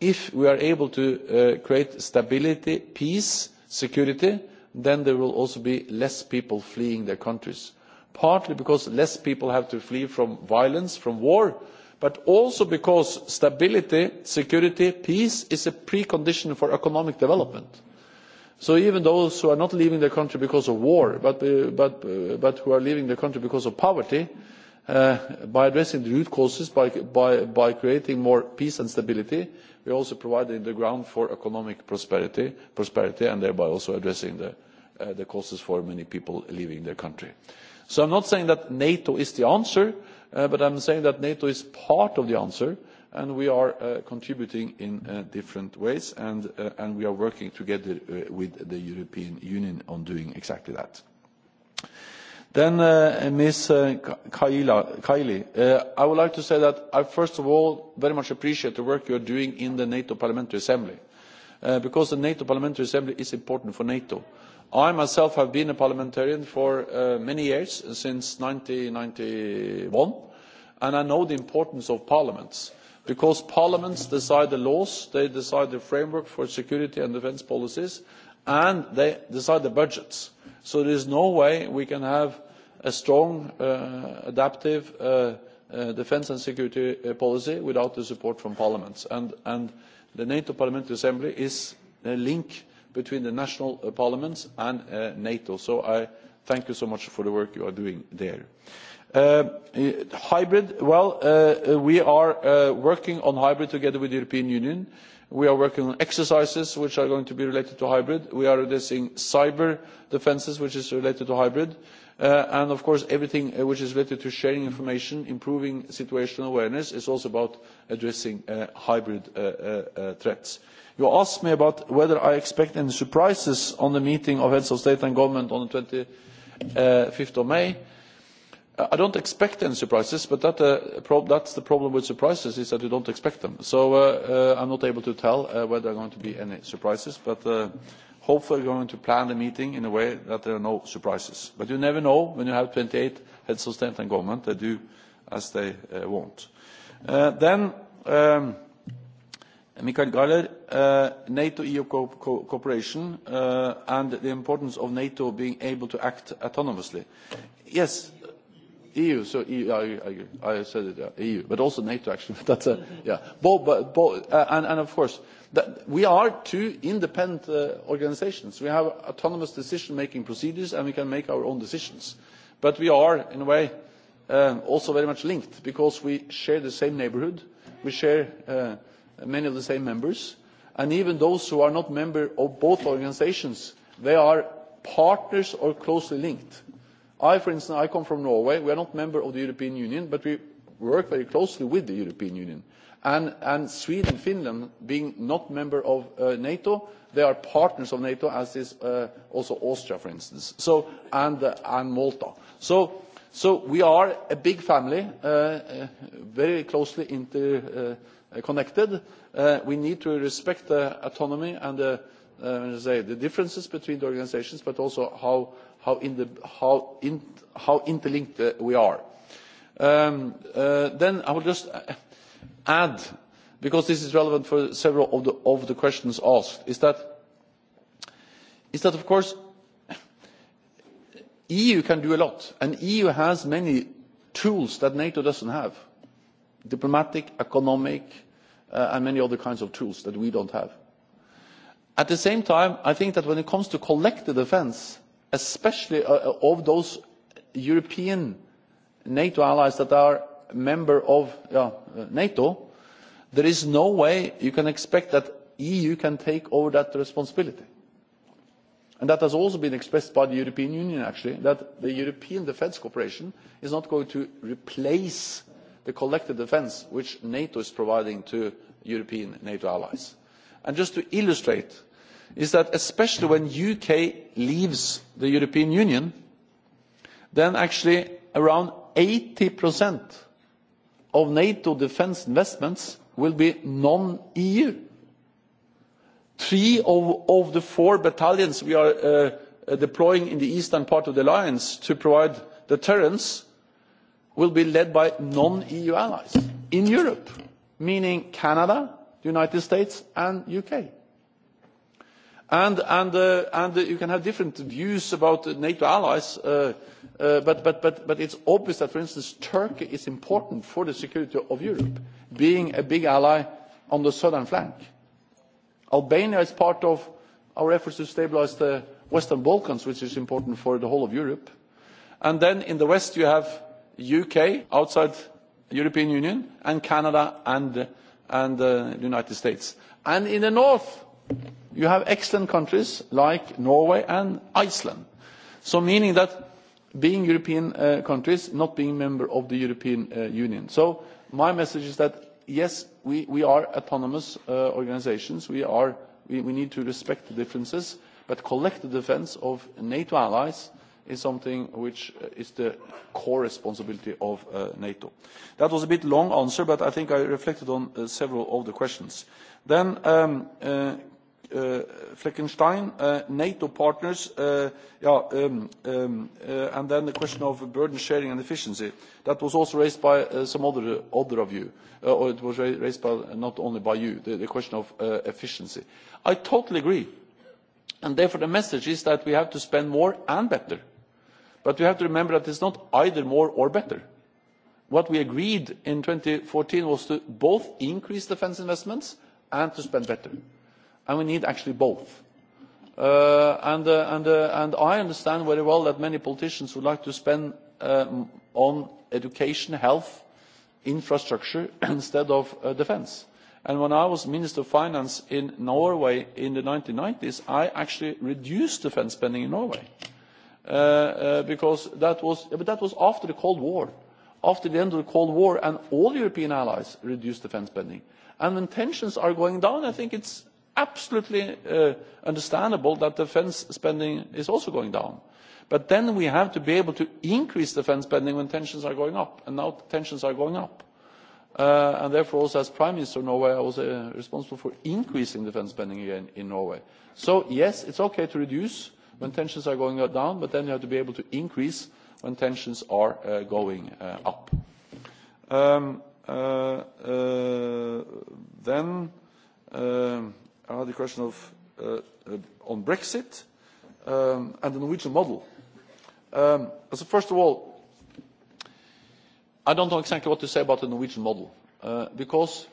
Speaker 3: if we are able to create stability peace security then there will also be less people fleeing their countries partly because less people have to flee from violence from war but also because stability security peace is a precondition for economic development. So even those who are not leaving their country because of war, but, uh, but, uh, but who are leaving their country because of poverty, uh, by addressing the root causes, by, by, by creating more peace and stability, we also provide the ground for economic prosperity, prosperity and thereby also addressing the, uh, the causes for many people leaving their country. So I'm not saying that NATO is the answer, uh, but I'm saying that NATO is part of the answer and we are uh, contributing in uh, different ways, and, uh, and we are working together with the European Union on doing exactly that. Then, Ms. Kaili, I would like to say that I first of all very much appreciate the work you are doing in the NATO Parliamentary Assembly, because the NATO Parliamentary Assembly is important for NATO. I myself have been a parliamentarian for many years, since 1991, and I know the importance of parliaments because parliaments decide the laws they decide the framework for security and defence policies and they decide the budgets so there is no way we can have a strong uh, adaptive uh, uh, defence and security policy without the support from parliaments and the nato parliamentary assembly is a link between the national parliaments and nato so i thank you so much for the work you are doing there. Uh, hybrid, well, uh, we are uh, working on hybrid together with the European Union. We are working on exercises which are going to be related to hybrid. We are addressing cyber defences, which is related to hybrid. and of course, everything which is related to sharing information, improving situational awareness, is also about addressing hybrid threats. You asked me about whether I expect any surprises on the meeting of heads of state and government on the 25th of May i don't expect any surprises but that is uh, the problem with surprises is that you don't expect them so uh, uh, i'm not able to tell whether there are going to be any surprises but hopefully we're going to plan the meeting in a way that there are no surprises but you never know when you have twenty eight heads of state and government they do as they want. then um, michael gahler nato eu cooperation and the importance of nato being able to act autonomously yes EU, so EU, I, I, I said it, uh, EU, but also NATO actually. That's a, yeah. Bo, bo, bo, uh, and, and of course, that we are two independent uh, organisations. We have autonomous decision-making procedures and we can make our own decisions. But we are, in a way, um, also very much linked because we share the same neighbourhood, we share uh, many of the same members, and even those who are not members of both organisations, they are partners or closely linked I, for instance, I come from Norway. We are not member of the European Union, but we work very closely with the European Union. And, Sweden and Finland, being not member of uh, NATO, they are partners of NATO, as is uh, also Austria, for instance, so, and, uh, Malta. So, we are a big family, very closely interconnected. we need to respect the autonomy and the, the differences between the organisations, but also how how, in the, how, in, how interlinked uh, we are. Um, uh, then I will just uh, add, because this is relevant for several of the, of the questions asked, is that, is that of course EU can do a lot, and EU has many tools that NATO doesn't have, diplomatic, economic, uh, and many other kinds of tools that we don't have. At the same time, I think that when it comes to collective defence, especially uh, uh, of those European NATO allies that are member of uh, NATO, there is no way you can expect that EU can take over that responsibility. And that has also been expressed by the European Union, actually, that the European Defence Cooperation is not going to replace the collective defence which NATO is providing to European NATO allies. And just to illustrate is that especially when the uk leaves the european union then actually around 80% of nato defence investments will be non eu. three of, of the four battalions we are uh, uh, deploying in the eastern part of the alliance to provide deterrence will be led by non eu allies in europe meaning canada the united states and uk Uh, and, you can have different views about nato allies uh, uh, but, it is it's obvious that for instance turkey is important for the security of europe being a big ally on the southern flank. albania is part of our efforts to stabilise the western balkans which is important for the whole of europe and then in the west you have uk outside the european union and canada and the united states and in the north You have excellent countries like Norway and Iceland. So meaning that being European uh, countries, not being member of the European uh, Union. So my message is that yes, we, we are autonomous uh, organizations. We, are, we, we need to respect the differences, but collective defense of NATO allies is something which uh, is the core responsibility of uh, NATO. That was a bit long answer, but I think I reflected on uh, several of the questions. Then um, uh, Eh, Fleckenstein, eh, NATO partners, eh, um, um, and then the question of burden sharing and efficiency. That was also raised by some other, of you, or it was raised not only by you, the, question of efficiency. I totally agree, therefore the message is that we have to spend more and better. we have to remember that it's not either more or better. What we agreed in 2014 was to both increase defense investments and to spend better and we need actually both. Uh, and, uh, and, uh, and I understand very well that many politicians would like to spend um, on education, health, infrastructure instead of uh, defence. And when I was Minister of Finance in Norway in the 1990s, I actually reduced defence spending in Norway. Uh, uh, because that was, but that was after the Cold War. After the end of the Cold War, and all European allies reduced defence spending. And when tensions are going down, I think it's absolutely uh, understandable that defence spending is also going down but then we have to be able to increase defence spending when tensions are going up and now tensions are going up uh, and therefore also as prime minister of norway i was uh, responsible for increasing defence spending again in norway so yes it's okay to reduce when tensions are going down but then you have to be able to increase when tensions are uh, going uh, up um, uh, uh, then um, uh, the question of uh, uh, on Brexit um, and the Norwegian model. Um, so first of all, I don't know exactly what to say about the Norwegian model uh, because,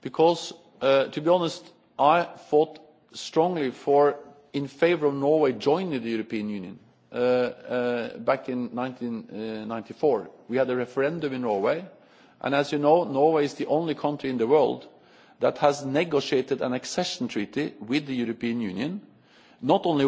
Speaker 3: because uh, to be honest, I fought strongly for in favour of Norway joining the European Union uh, uh, back in 1994. Uh, We had a referendum in Norway, and as you know, Norway is the only country in the world that has negotiated an accession treaty with the european union not only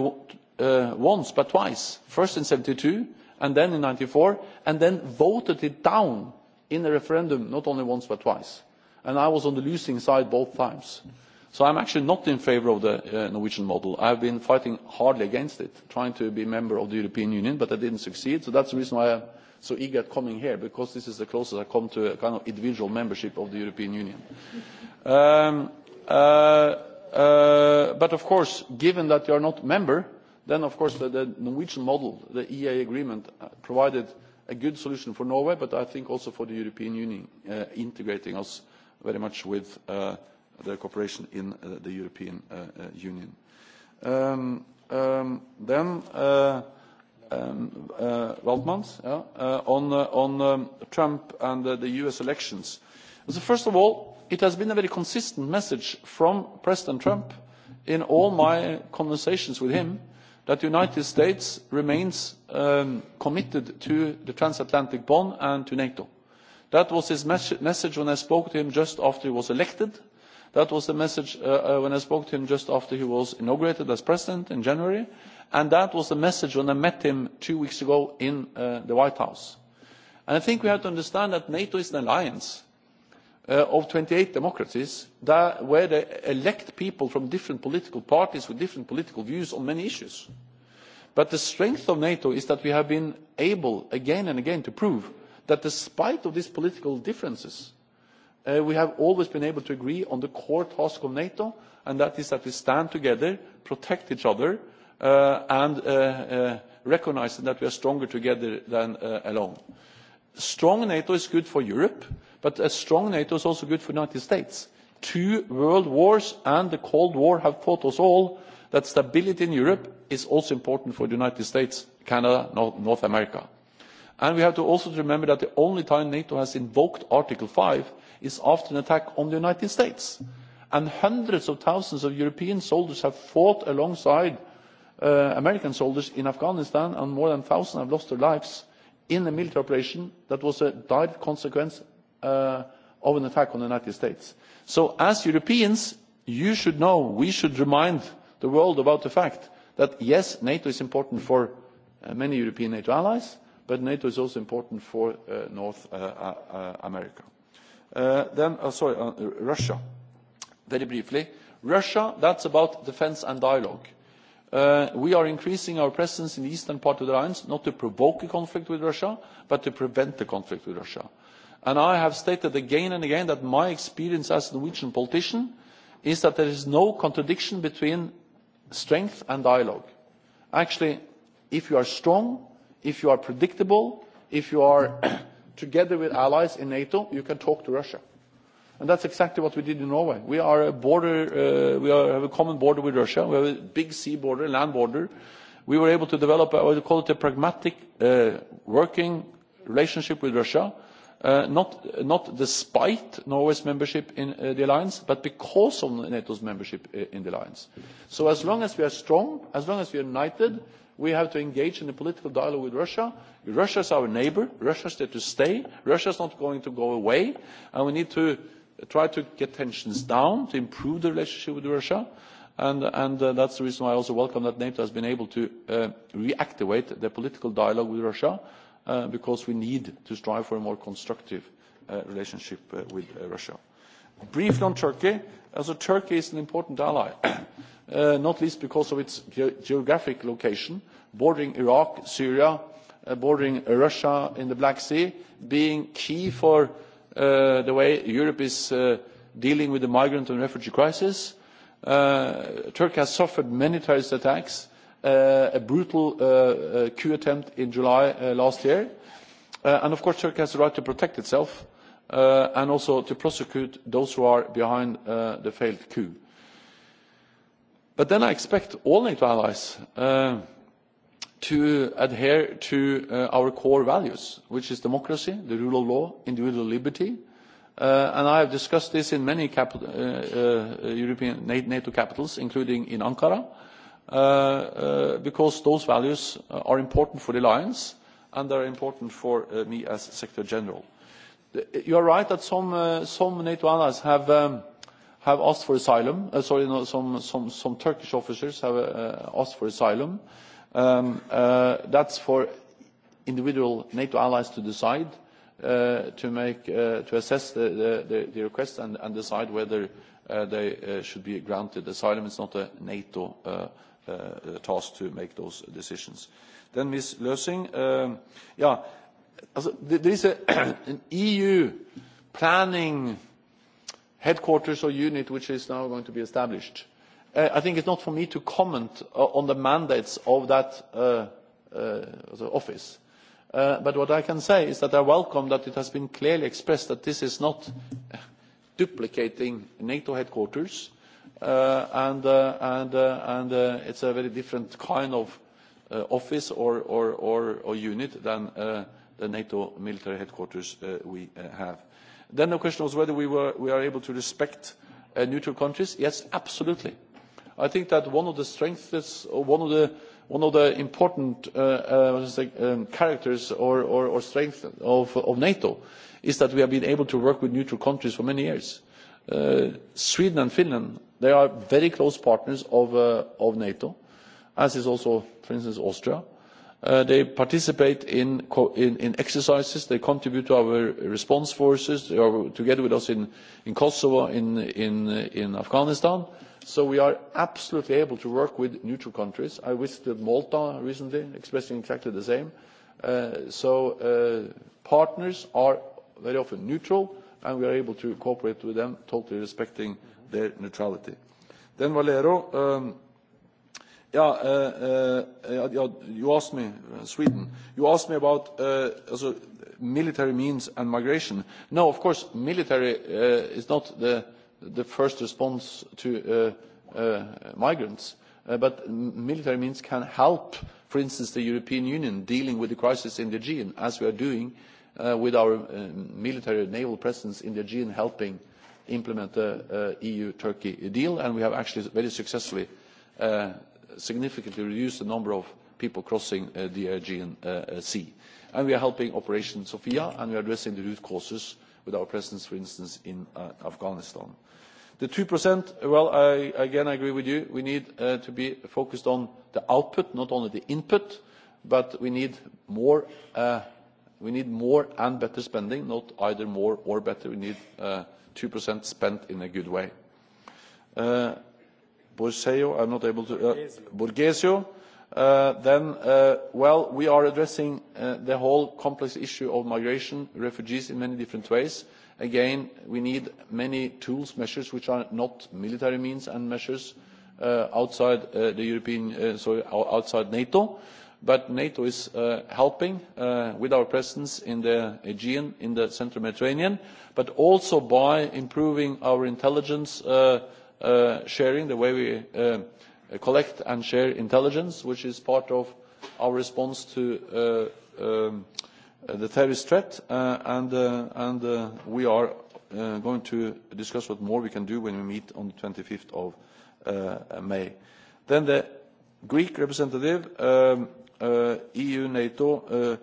Speaker 3: uh, once but twice first in one thousand nine hundred and seventy two and then in one thousand nine hundred and ninety four and then voted it down in a referendum not only once but twice and i was on the losing side both times. so i am actually not in favour of the uh, norwegian model. i have been fighting hard against it trying to be a member of the european union but i did not succeed so that is the reason why so eager coming here because this is the closest I come to a kind of individual membership of the European Union. Um, uh, uh, but of course, given that you are not a member, then of course the, the Norwegian model, the EA agreement, uh, provided a good solution for Norway, but I think also for the European Union, uh, integrating us very much with uh, the cooperation in uh, the European uh, uh, Union. Um, um, then. Uh, Um, uh, Waldmans, yeah, uh, on, uh, on um, Trump and uh, the U.S. elections. So first of all, it has been a very consistent message from President Trump in all my conversations with him that the United States remains um, committed to the transatlantic bond and to NATO. That was his mes message when I spoke to him just after he was elected. That was the message uh, uh when I spoke to him just after he was inaugurated as president in January and that was the message when i met him two weeks ago in uh, the white house. And i think we have to understand that nato is an alliance uh, of twenty eight democracies where they elect people from different political parties with different political views on many issues. but the strength of nato is that we have been able again and again to prove that despite of these political differences uh, we have always been able to agree on the core task of nato and that is that we stand together protect each other Uh, and uh, uh, recognising that we are stronger together than alone. Strong NATO is good for Europe, but a strong NATO is also good for the United States. Two world wars and the Cold War have taught us all that stability in Europe is also important for the United States, Canada, North America. And we have to also remember that the only time NATO has invoked Article 5 is after an attack on the United States. And hundreds of thousands of European soldiers have fought alongside uh, American soldiers in Afghanistan, and more than 1,000 have lost their lives in a military operation that was a direct consequence uh, of an attack on the United States. So as Europeans, you should know, we should remind the world about the fact that yes, NATO is important for uh, many European NATO allies, but NATO is also important for uh, North uh, uh, uh America. Uh, then, uh, sorry, uh, Russia. Very briefly, Russia, that's about defense and dialogue Uh, we are increasing our presence in the eastern part of the alliance not to provoke a conflict with russia but to prevent a conflict with russia. And i have stated again and again that my experience as a norwegian politician is that there is no contradiction between strength and dialogue. actually if you are strong if you are predictable if you are together with allies in nato you can talk to russia. And that's exactly what we did in Norway. We are a border, uh, we are, have a common border with Russia. We have a big sea border, land border. We were able to develop, I would call it a pragmatic uh, working relationship with Russia, uh, not, not despite Norway's membership in uh, the alliance, but because of NATO's membership uh, in the alliance. So as long as we are strong, as long as we are united, we have to engage in a political dialogue with russia russia is our neighbour russia is there to stay russia is not going to go away and we need to try to get tensions down, to improve the relationship with Russia. And, that uh, is that's the reason why I also welcome that NATO has been able to uh, reactivate the political dialogue with Russia, uh, because we need to strive for a more constructive relationship with Russia. Briefly on Turkey, Turkey is an important ally, not least because of its geographic location, bordering Iraq, Syria, bordering Russia in the Black Sea, being key for Uh, the way Europe is uh, dealing with the migrant and refugee crisis. Uh, Turkey has suffered many terrorist attacks, a brutal coup attempt in July last year. and of course, Turkey has the right to protect itself and also to prosecute those who are behind the failed coup. But then I expect all NATO allies to adhere to uh, our core values, which is democracy, the rule of law, individual liberty. Uh, and I have discussed this in many uh, European NATO capitals, including in Ankara, because those values are important for the alliance and they are important for me as Secretary General. You are right that some, some NATO allies have, um, have asked for asylum. sorry, no, some, some, some Turkish officers have asked for asylum. Um, uh, that's for individual NATO allies to decide uh, to make uh, to assess the, request and, decide whether they should be granted asylum. It's not a NATO task to make those decisions. Then Ms. Lösing, um, yeah, there is an EU planning headquarters or unit which is now going to be established Uh, I think it's not for me to comment uh, on the mandates of that uh, office. But what I can say is that I welcome that it has been clearly expressed that this is not duplicating NATO headquarters, and, it is it's a very different kind of office or, or unit than the NATO military headquarters we have. Then the question was whether we, were, we are able to respect neutral countries. Yes, absolutely i think that one of the strengths one of the important uh, uh, um, characters or, strengths of, nato is that we have been able to work with neutral countries for many years. Uh, sweden and finland they are very close partners of, nato as is also for instance austria. they participate in, exercises they contribute to our response forces they are together with us in kosovo in afghanistan so we are absolutely able to work with neutral countries. i visited malta recently expressing exactly the same. Uh, so uh, partners are very often neutral and we are able to cooperate with them totally respecting their neutrality. then valero um, yeah, uh, uh, yeah, you asked me uh, sweden you asked me about uh, also military means and migration. no of course military uh, is not the the first response to uh, uh, migrants uh, but military means can help for instance the european union dealing with the crisis in the aegean as we are doing with our um, military naval presence in the aegean helping implement the eu turkey deal and we have actually very successfully significantly reduced the number of people crossing the aegean sea. And we are helping operation sophia and we are addressing the root causes with our presence, for instance, in uh, Afghanistan. The 2%, well, I, again, I agree with you. We need uh, to be focused on the output, not only the input, but we need more, uh, we need more and better spending, not either more or better. We need two 2% spent in a good way. Borsello, I'm not able to. Borghezio. Uh, uh, well we are addressing uh, the whole complex issue of migration refugees in many different ways. again we need many tools measures which are not military means and measures outside the european sorry outside nato but nato is helping with our presence in the aegean in the central mediterranean but also by improving our intelligence sharing the way we Uh, collect and share intelligence which is part of our response to uh, um, the terrorist threat uh, and, we are going to discuss what more we can do when we meet on twenty five may. then the greek representative um, eu nato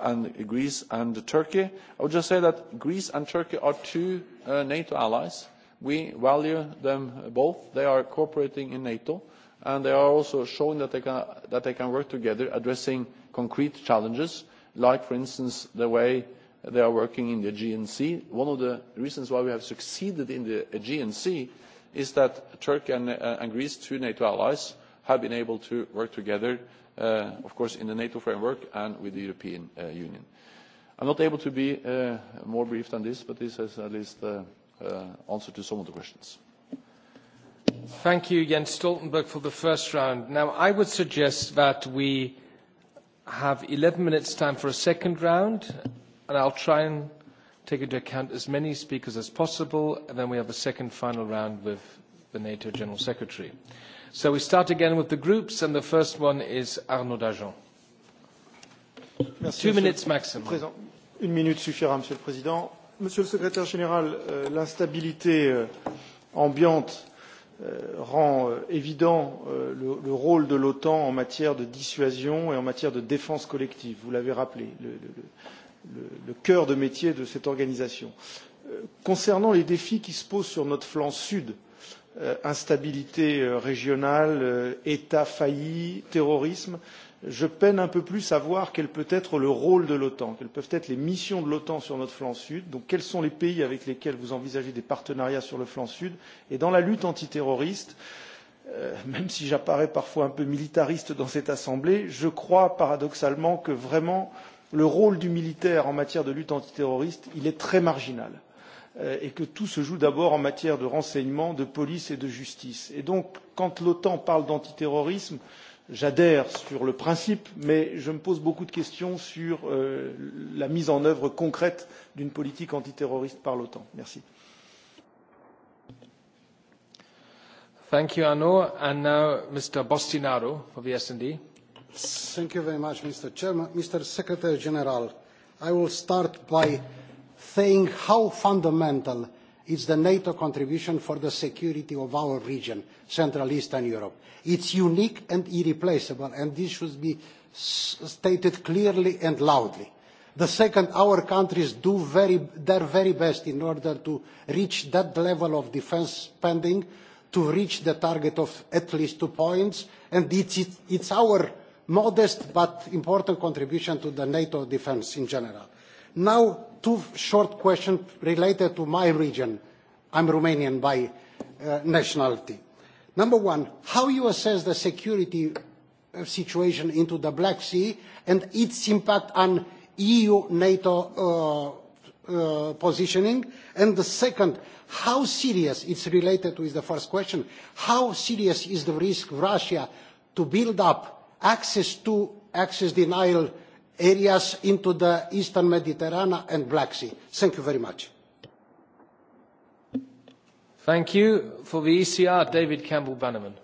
Speaker 3: and greece and turkey i would just say that greece and turkey are two nato allies. we value them both. they are cooperating in nato and they are also showing that they can, work together addressing concrete challenges like for instance the way they are working in the sea. one of the reasons why we have succeeded in the sea is that turkey uh, and, greece two nato allies have been able to work together uh, of course in the nato framework and with the european uh, union. i am not able to be more brief than this but this is at least an answer to some of the questions.
Speaker 2: Thank you, Jens Stoltenberg, for the first round. Now, I would suggest that we have 11 minutes time for a second round, and I'll try and take into account as many speakers as possible, and then we have a second final round with the NATO General Secretary. So we start again with the groups, and the first one is Arnaud Dajon.
Speaker 13: Two minutes maximum. Présent. Une minute suffira, Monsieur le Président. Monsieur le Secrétaire général, euh, l'instabilité euh, ambiante Euh, rend euh, évident euh, le, rôle de l'OTAN en matière de dissuasion et en matière de défense collective. Vous l'avez rappelé, le, le, le, le cœur de métier de cette organisation. Concernant les défis qui se posent sur notre flanc sud, instabilité régionale, État failli, terrorisme, je peine un peu plus à voir quel peut être le rôle de l'OTAN, quelles peuvent être les missions de l'OTAN sur notre flanc sud, donc quels sont les pays avec lesquels vous envisagez des partenariats sur le flanc sud, et dans la lutte antiterroriste, euh, même si j'apparais parfois un peu militariste dans cette assemblée, je crois paradoxalement que vraiment le rôle du militaire en matière de lutte antiterroriste, il est très marginal euh, et que tout se joue d'abord en matière de renseignement, de police et de justice. Et donc, quand l'OTAN parle d'antiterrorisme, J'adhère sur le principe, mais je me pose beaucoup de questions sur euh, la mise en œuvre concrète d'une politique antiterroriste par l'OTAN. Merci.
Speaker 2: Thank you, Arnaud. And now, Mr. Bostinaro for the S&D.
Speaker 14: Thank you very much, Mr. Chairman. Mr. Secretary General, I will start by saying how fundamental It's the NATO contribution for the security of our region, Central Eastern Europe. It's unique and irreplaceable, and this should be stated clearly and loudly. The second, our countries do their very best in order to reach that level of defence spending, to reach the target of at least two points, and it's, it, it's our modest but important contribution to the NATO defence in general. Now, two short questions related to my region. I'm Romanian by uh, nationality. Number one, how you assess the security uh, situation into the Black Sea and its impact on EU-NATO uh, uh, positioning? And the second, how serious, it's related with the first question, how serious is the risk of Russia to build up access to access denial areas into the eastern Mediterranean and Black Sea. Thank you very much.
Speaker 2: Thank you. For the ECR, David Campbell-Bannerman.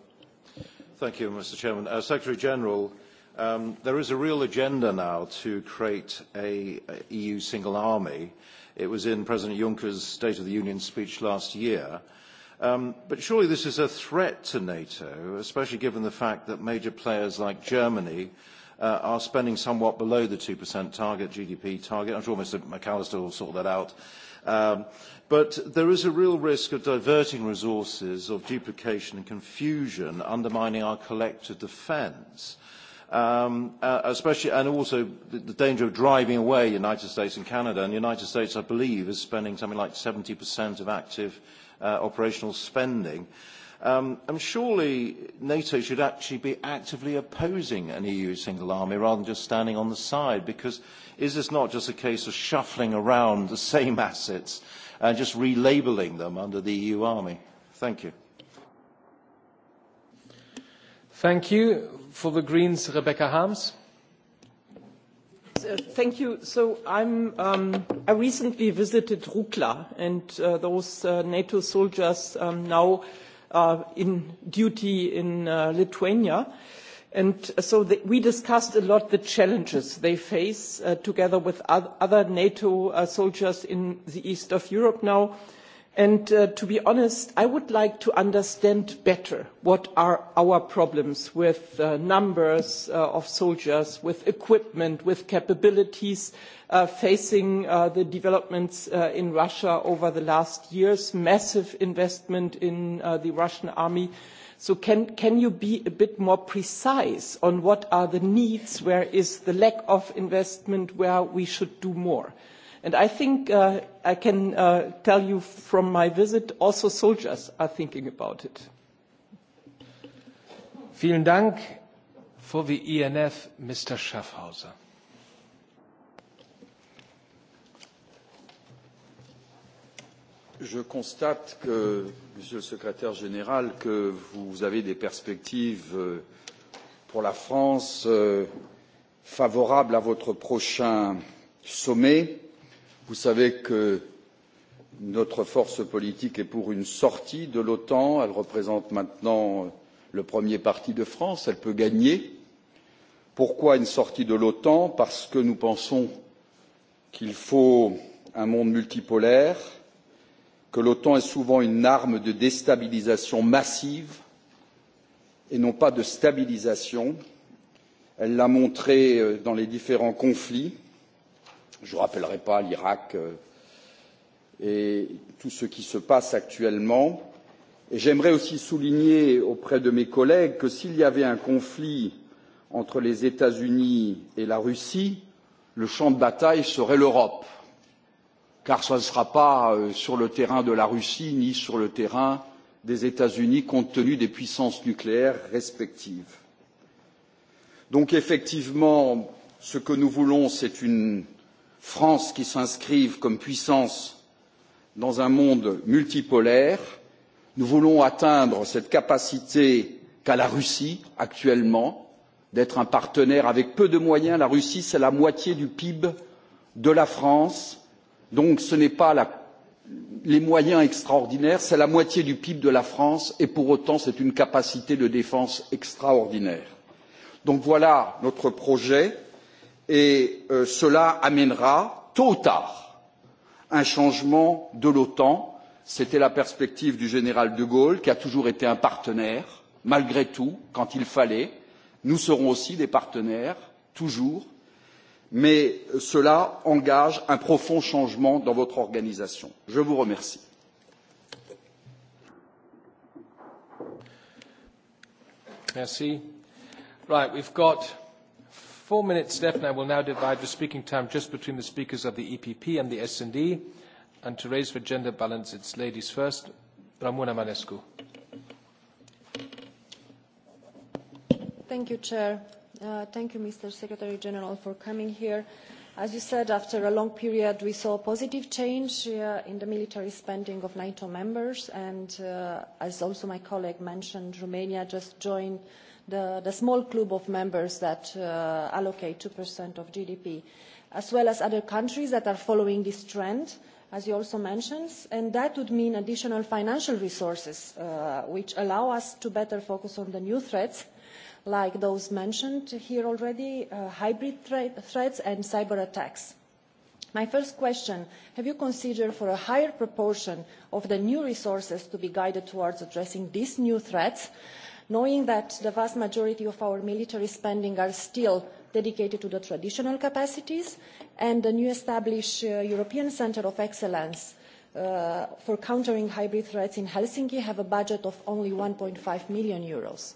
Speaker 15: Thank you, Mr. Chairman. Uh, Secretary General, um, there is a real agenda now to create a, EU single army. It was in President Juncker's State of the Union speech last year. Um, but surely this is a threat to NATO, especially given the fact that major players like Germany Uh, are spending somewhat below the 2% target, GDP target. I'm sure Mr. McAllister will sort that out. Um, but there is a real risk of diverting resources, of duplication and confusion, undermining our collective defence. Um, uh, especially, and also the, the danger of driving away United States and Canada. And the United States, I believe, is spending something like 70% of active uh, operational spending. Um, and surely NATO should actually be actively opposing an EU single army rather than just standing on the side, because is this not just a case of shuffling around the same assets and just relabeling them under the EU army? Thank you. Thank you. For the Greens, Rebecca Harms.
Speaker 16: Uh, thank you. So I'm, um, I recently visited Rukla, and uh, those uh, NATO soldiers um, now uh, in duty in uh, Lithuania. And so the, we discussed a lot the challenges they face uh, together with other NATO uh, soldiers in the east of Europe now. And uh, to be honest, I would like to understand better what are our problems with uh, numbers uh, of soldiers, with equipment, with capabilities, Uh, facing uh, the developments uh, in Russia over the last years, massive investment in uh, the Russian army. So can, can you be a bit more precise on what are the needs, where is the lack of investment, where we should do more? And I think uh, I can uh, tell you from my visit, also soldiers are thinking about it. Vielen Dank. For the ENF, Mr.
Speaker 17: Schaffhauser. je constate que monsieur le secrétaire général que vous avez des perspectives euh, pour la france euh, favorables à votre prochain sommet. vous savez que notre force politique est pour une sortie de l'otan elle représente maintenant euh, le premier parti de france elle peut gagner. pourquoi une sortie de l'otan? parce que nous pensons qu'il faut un monde multipolaire que l'otan est souvent une arme de déstabilisation massive et non pas de stabilisation elle l'a montré euh, dans les différents conflits je ne rappellerai pas l'iraq euh, et tout ce qui se passe actuellement et j'aimerais aussi souligner auprès de mes collègues que s'il y avait un conflit entre les états unis et la russie le champ de bataille serait l'europe car ce ne sera pas euh, sur le terrain de la russie ni sur le terrain des états unis compte tenu des puissances nucléaires respectives. donc effectivement ce que nous voulons c'est une france qui s'inscrive comme puissance dans un monde multipolaire. nous voulons atteindre cette capacité qu'a la russie actuellement d'être un partenaire avec peu de moyens la russie c'est la moitié du pib de la france donc ce ne sont pas les moyens extraordinaires c'est la moitié du pib de la france et pour autant c'est une capacité de défense extraordinaire. donc voilà notre projet et euh, cela amènera tôt ou tard un changement de l'otan c'était la perspective du général de gaulle qui a toujours été un partenaire malgré tout quand il fallait nous serons aussi des partenaires toujours mais cela engage un profond changement dans votre organisation. je vous remercie. Merci.
Speaker 2: Right, we've got four minutes left, and I will now divide the speaking time just between the speakers of the EPP and the S&D. And to raise for gender balance, it's ladies first. Ramona Manescu.
Speaker 18: Thank you, Chair Uh, thank you, Mr. Secretary General, for coming here. As you said, after a long period, we saw positive change uh, in the military spending of NATO members. And uh, as also my colleague mentioned, Romania just joined the, small club of members that allocate 2% of GDP, as well as other countries that are following this trend as you also mentioned, and that would mean additional financial resources, which allow us to better focus on the new threats like those mentioned here already, uh, hybrid threats and cyber attacks. My first question, have you considered for a higher proportion of the new resources to be guided towards addressing these new threats, knowing that the vast majority of our military spending are still dedicated to the traditional capacities and the new established uh, European Centre of Excellence uh, for countering hybrid threats in Helsinki have a budget of only 1.5 million euros.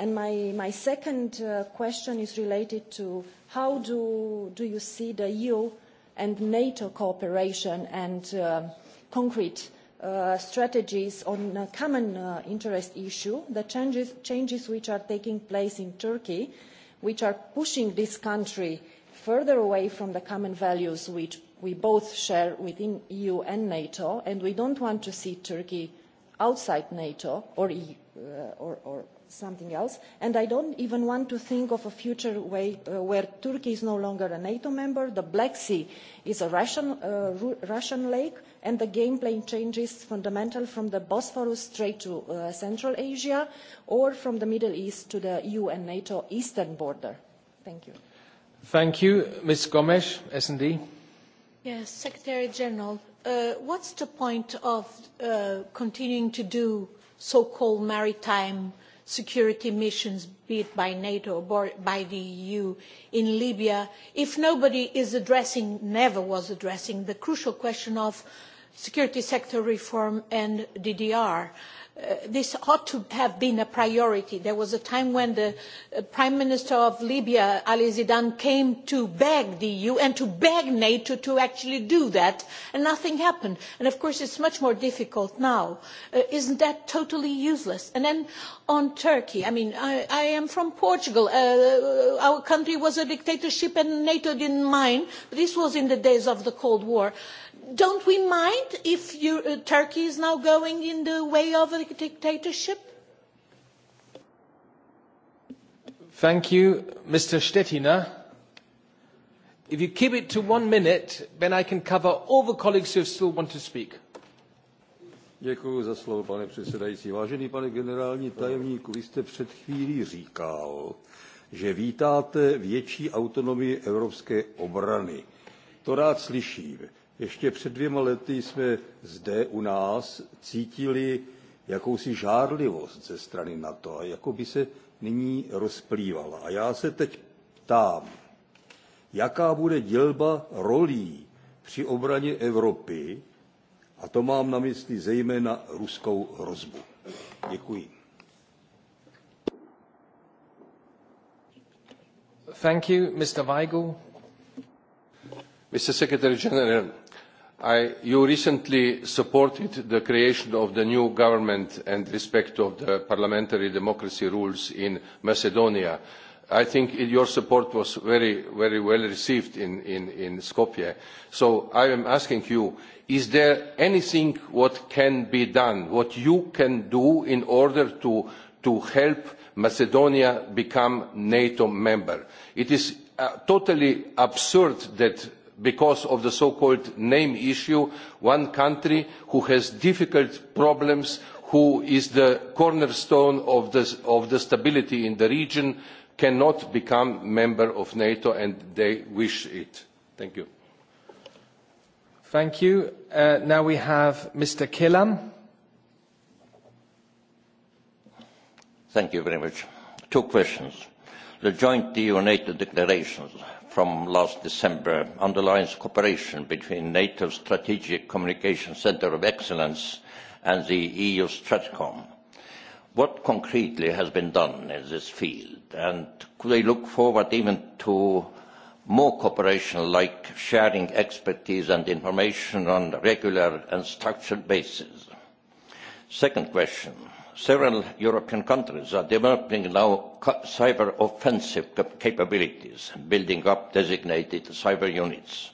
Speaker 18: And my, my second uh, question is related to how do, do you see the EU and NATO cooperation and uh, concrete uh, strategies on a common uh, interest issue, the changes, changes which are taking place in Turkey, which are pushing this country further away from the common values which we both share within EU and NATO, and we don't want to see Turkey outside NATO or, EU, uh, or, or, something else and i don't even want to think of a future way, uh, where turkey is no longer a nato member the black sea is a russian, uh, russian lake and the game plan changes fundamentally from the bosphorus strait to uh, central asia or from the middle east to the eu and nato eastern border. thank you.
Speaker 2: thank you. ms gomes sd.
Speaker 10: yes, secretary general, uh, what's the point of uh, continuing to do so-called maritime uh, security missions, be it by NATO or by the EU in Libya, if nobody is addressing, never was addressing, the crucial question of security sector reform and DDR? Uh, this ought to have been a priority. There was a time when the uh, Prime Minister of Libya, Ali Zidane, came to beg the EU and to beg NATO to actually do that, and nothing happened. And of course, it's much more difficult now. Uh, isn't that totally useless? And then on Turkey, I mean, I, I am from Portugal. Uh, our country was a dictatorship and NATO didn't mind. This was in the days of the Cold War. Uh, don't we mind if you, uh, Turkey is now going in the way of a dictatorship?
Speaker 2: Thank you, Mr. Stettiner. If you keep it to one minute, then I can cover all the colleagues who still want to
Speaker 19: speak. Děkuji za slovo, pane předsedající. Vážený pane generální tajemníku, vy jste před chvílí říkal, že vítáte větší autonomii evropské obrany. To rád slyším. Ještě před dvěma lety jsme zde u nás cítili jakousi žárlivost ze strany NATO, a jako by se nyní rozplývala. A já se teď ptám, jaká bude dělba rolí při obraně Evropy, a to mám na mysli zejména ruskou hrozbu. Děkuji.
Speaker 2: Thank you, Mr. Weigel.
Speaker 19: Mr. Secretary General, you recently supported the creation of the new government and respect of the parliamentary democracy rules in Macedonia. I think your support was very, very well received in, in, in Skopje. So I am asking you, is there anything what can be done, what you can do in order to, to help Macedonia become NATO member? It is uh, totally absurd that because of the so-called name issue, one country who has difficult problems, who is the cornerstone of, of the stability in the region, cannot become member of NATO, and they wish it. Thank you.
Speaker 2: Thank you. Uh, now we have Mr. Killam.
Speaker 20: Thank you very much. Two questions. The joint EU-NATO declarations from last December underlines cooperation between NATO's Strategic Communication Centre of Excellence and the EU Stratcom. What concretely has been done in this field, and could we look forward even to more cooperation, like sharing expertise and information on a regular and structured basis? Second question, several European countries are developing now cyber offensive capabilities, building up designated cyber units.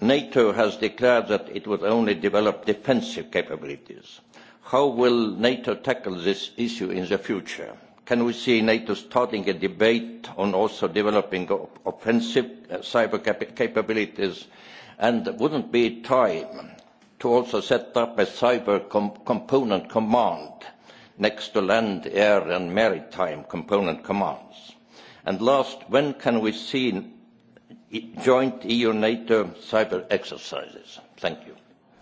Speaker 20: NATO has declared that it would only develop defensive capabilities. How will NATO tackle this issue in the future? Can we see NATO starting a debate on also developing offensive uh, cyber cap capabilities? And wouldn't be time to also set up a cyber com component command next to land, air, and maritime component commands? And last, when can we see joint EU-NATO cyber exercises? Thank you.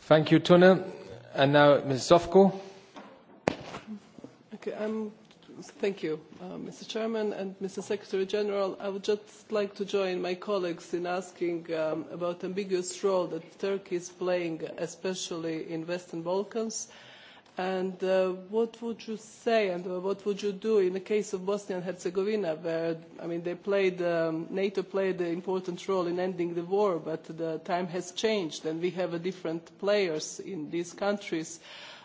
Speaker 20: Thank
Speaker 2: you, Tone. And now Ms. Zofko.
Speaker 21: Okay, um, thank you, uh, Mr. Chairman and Mr. Secretary General. I would just like to join my colleagues in asking um, about ambiguous role that Turkey is playing, especially in Western Balkans. And uh, what would you say and uh, what would you do in the case of Bosnia and Herzegovina, where, I mean, they played, um, NATO played an important role in ending the war, but the time has changed and we have a different players in these countries.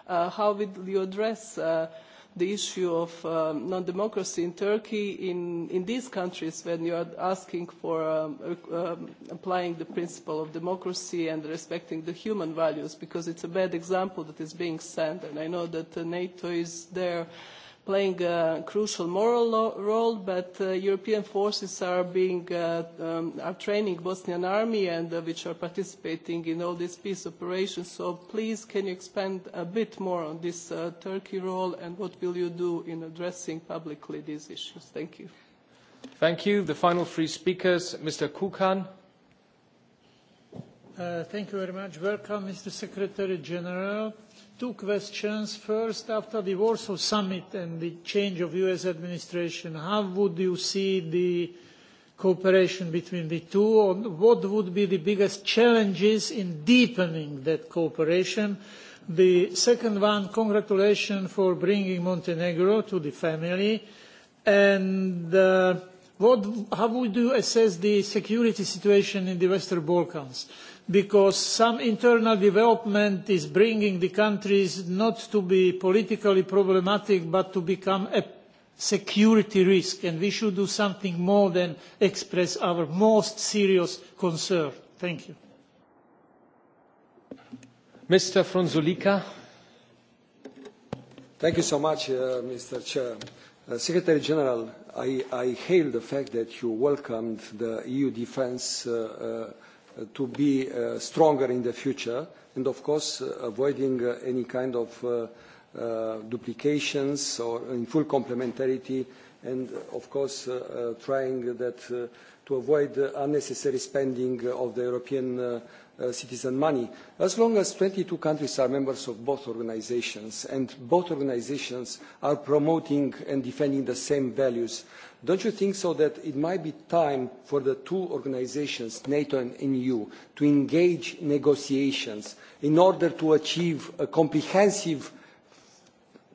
Speaker 21: Uh, how would you address uh, the issue of um, non-democracy in Turkey in, in these countries when you are asking for um, um, applying the principle of democracy and respecting the human values because it's a bad example that is being sent and I know that uh, NATO is there uh, playing a crucial moral role, but uh, European forces are being uh, um, are training Bosnian army and uh, which are participating in all these peace operations. So please, can you expand a bit more on this uh, Turkey role and what will you do in addressing publicly these issues? Thank you. Thank
Speaker 2: you. The final three speakers, Mr.
Speaker 12: Kukan. Uh, thank you very much. Welcome, Mr. Secretary General two questions. First, after the Warsaw Summit and the change of U.S. administration, how would you see the cooperation between the two? Or what would be the biggest challenges in deepening that cooperation? The second one, congratulations for bringing Montenegro to the family. And uh, what, how would you assess the security situation in the Western Balkans? because some internal development is bringing the countries not to be politically problematic but to become a security risk and we should do something more than express our most serious concern. Thank you.
Speaker 19: Mr. Fronzulica. Thank you so much, uh, Mr. Chair. Uh, Secretary General, I, I hail the fact that you welcomed the EU defence uh, uh, to be uh, stronger in the future, and of course, uh, avoiding uh, any kind of duplications or in full complementarity, and of course, trying that to avoid unnecessary spending of the European Uh, citizen money. As long as 22 countries are members of both organizations and both organizations are promoting and defending the same values, don't you think so that it might be time for the two organizations, NATO and EU, to engage negotiations in order to achieve a comprehensive,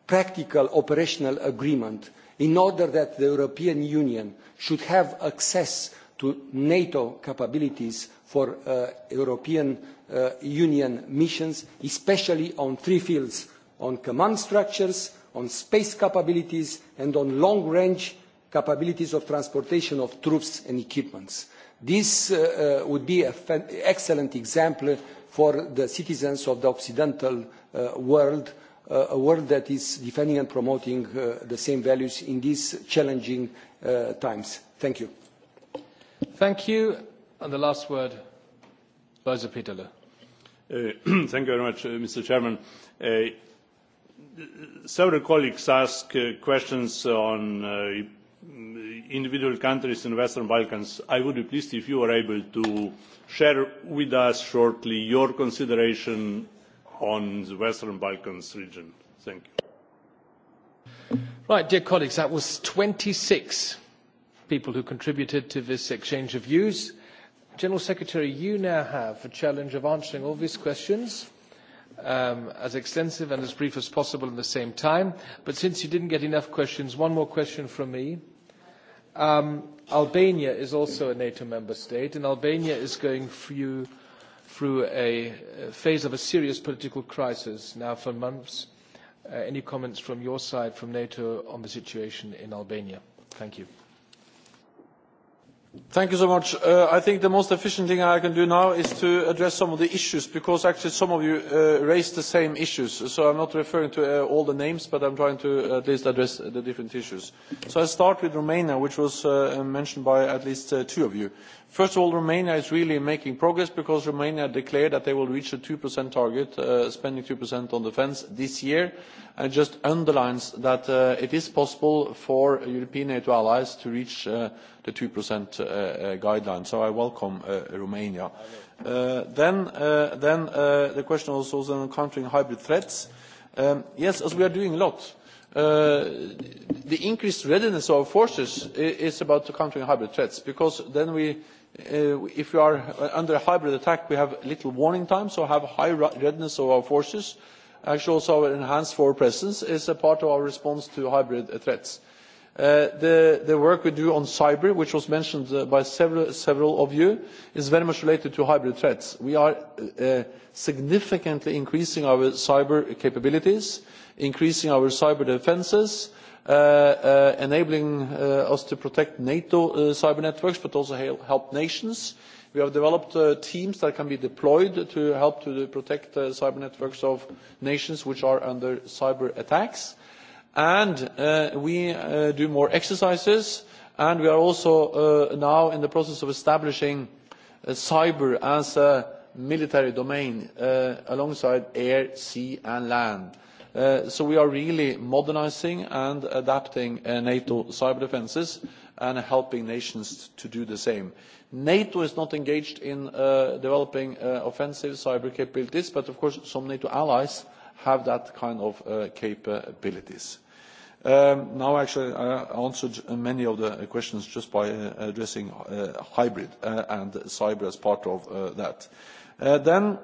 Speaker 19: practical, operational agreement in order that the European Union should have access to NATO capabilities for uh, European uh, Union missions, especially on three fields, on command structures, on space capabilities, and on long-range capabilities of transportation of troops and equipments. This uh, uh would be an excellent example for the citizens of the Occidental uh, world uh, a world that is defending and promoting uh, the same values in these challenging uh, times. Thank you. Thank you.
Speaker 2: Mr.
Speaker 3: Uh, uh, Chairman. Uh, several colleagues asked questions on individual countries in the Western Balkans. I would be pleased if you were able to share with us shortly your consideration
Speaker 15: on the Western Balkans region. Thank
Speaker 2: you. Right, dear colleagues, that was twenty six people who contributed to this exchange of views General Secretary, you now have the challenge of answering all these questions um, as extensive and as brief as possible at the same time. But since you didn't get enough questions, one more question from me. Um, Albania is also a NATO member state, and Albania is going through, through a phase of a serious political crisis now for months. Uh, any comments from your side, from NATO, on the
Speaker 3: situation in Albania? Thank you. Thank you so much. Uh, I think the most efficient thing I can do now is to address some of the issues, because actually some of you uh, raised the same issues. So i am not referring to uh, all the names, but i am trying to at least address the different issues. So I start with Romania, which was mentioned by at least two of you. First of all, Romania is really making progress because Romania declared that they will reach the 2% target, uh, spending 2% on defense this year, and just underlines that uh, it is possible for European NATO allies to reach uh, the 2% uh, uh, guideline. So I welcome uh, Romania. Then, then the question also is on countering hybrid threats. Um, yes, as we are doing a lot, Uh, the increased readiness of our forces is about countering hybrid threats because then we Uh, if you are uh, under a hybrid attack, we have little warning time, so have high readiness of our forces. Actually, also our enhanced forward presence is a part of our response to hybrid uh, threats. Uh, the, the work we do on cyber, which was mentioned uh, by several, several of you, is very much related to hybrid threats. We are significantly increasing our cyber capabilities increasing our cyber defences, uh, uh, enabling uh, us to protect NATO cyber networks, but also help nations. We have developed teams that can be deployed to help to protect cyber networks of nations which are under cyber attacks. And we do more exercises, and we are also now in the process of establishing cyber as a military domain alongside air, sea and land. Uh, so we are really modernising and adapting uh, NATO cyber defences and helping nations to do the same. NATO is not engaged in uh, developing offensive cyber capabilities, but of course some NATO allies have that kind of capabilities. Um, now actually I answered many of the questions just by addressing hybrid and cyber as part of that. Then